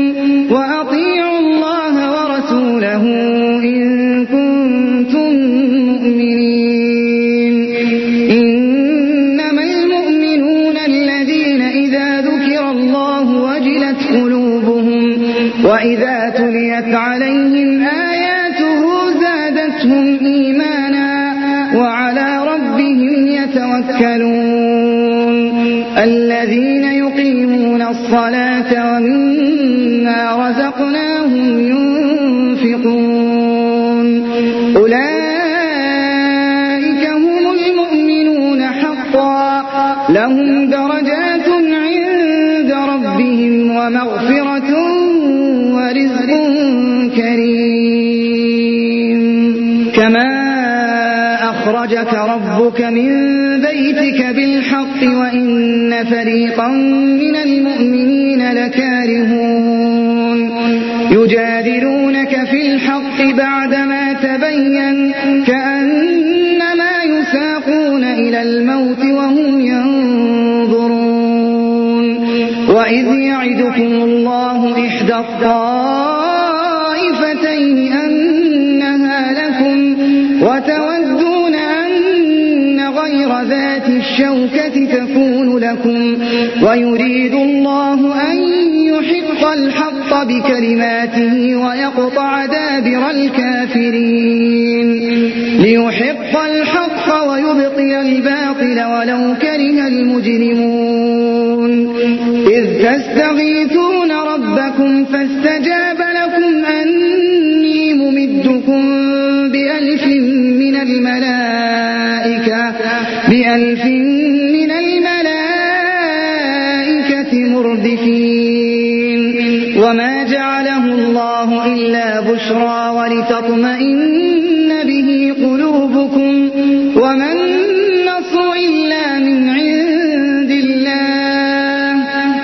وإذا تليت عليهم آياته زادتهم إيمانا وعلى ربهم يتوكلون الذين يقيمون الصلاة ومما رزقناهم ينفقون أولئك هم المؤمنون حقا لهم أخرجك ربك من بيتك بالحق وإن فريقا من المؤمنين لكارهون يجادلونك في الحق بعدما تبين كأنما يساقون إلى الموت وهم ينظرون وإذ يعدكم الله إحدى الطائفتين أنها لكم وتوجهون ذات الشوكة تكون لكم ويريد الله أن يحق الحق بكلماته ويقطع دابر الكافرين ليحق الحق ويبطي الباطل ولو كره المجرمون إذ تستغيثون ربكم فاستجاب لكم أني ممدكم بألف من الملائكة بألف من الملائكة مردفين وما جعله الله إلا بشرى ولتطمئن به قلوبكم وما النصر إلا من عند الله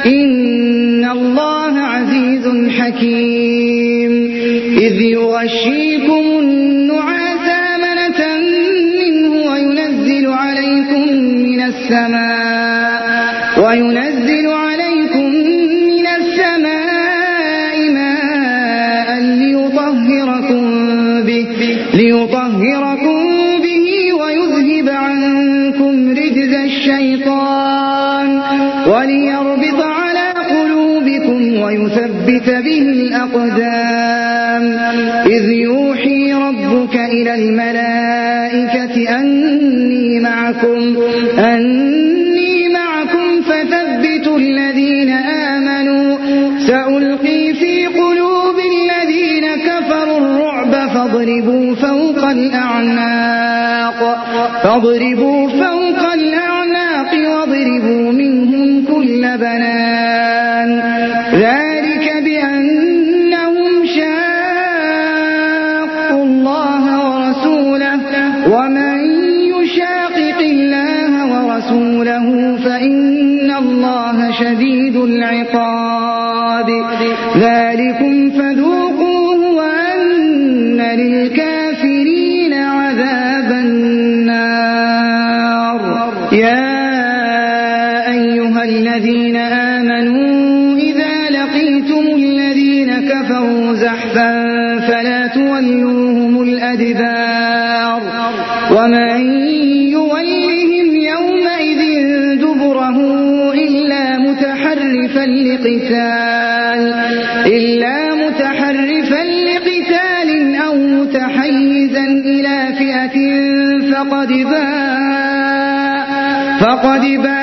إن الله عزيز حكيم إذ يغشي السماء وينزل عليكم من السماء ماء ليطهركم به, ليطهركم به ويذهب عنكم رجز الشيطان وليربط على قلوبكم ويثبت به الأقدام إذ يوحي ربك إلى الملائكة معكم أني معكم فثبتوا الذين آمنوا سألقي في قلوب الذين كفروا الرعب فاضربوا فوق الأعناق فاضربوا فوق الأعناق واضربوا منهم كل بنات الله شديد العقاب ذلكم فذوقوه وأن للكافرين عذاب النار يا أيها الذين آمنوا إذا لقيتم الذين كفروا زحفا فلا تولوهم الأدبار ومن لقتال إلا متحرفا لقتال أو متحيزا إلى فئة فقد باء فقد باء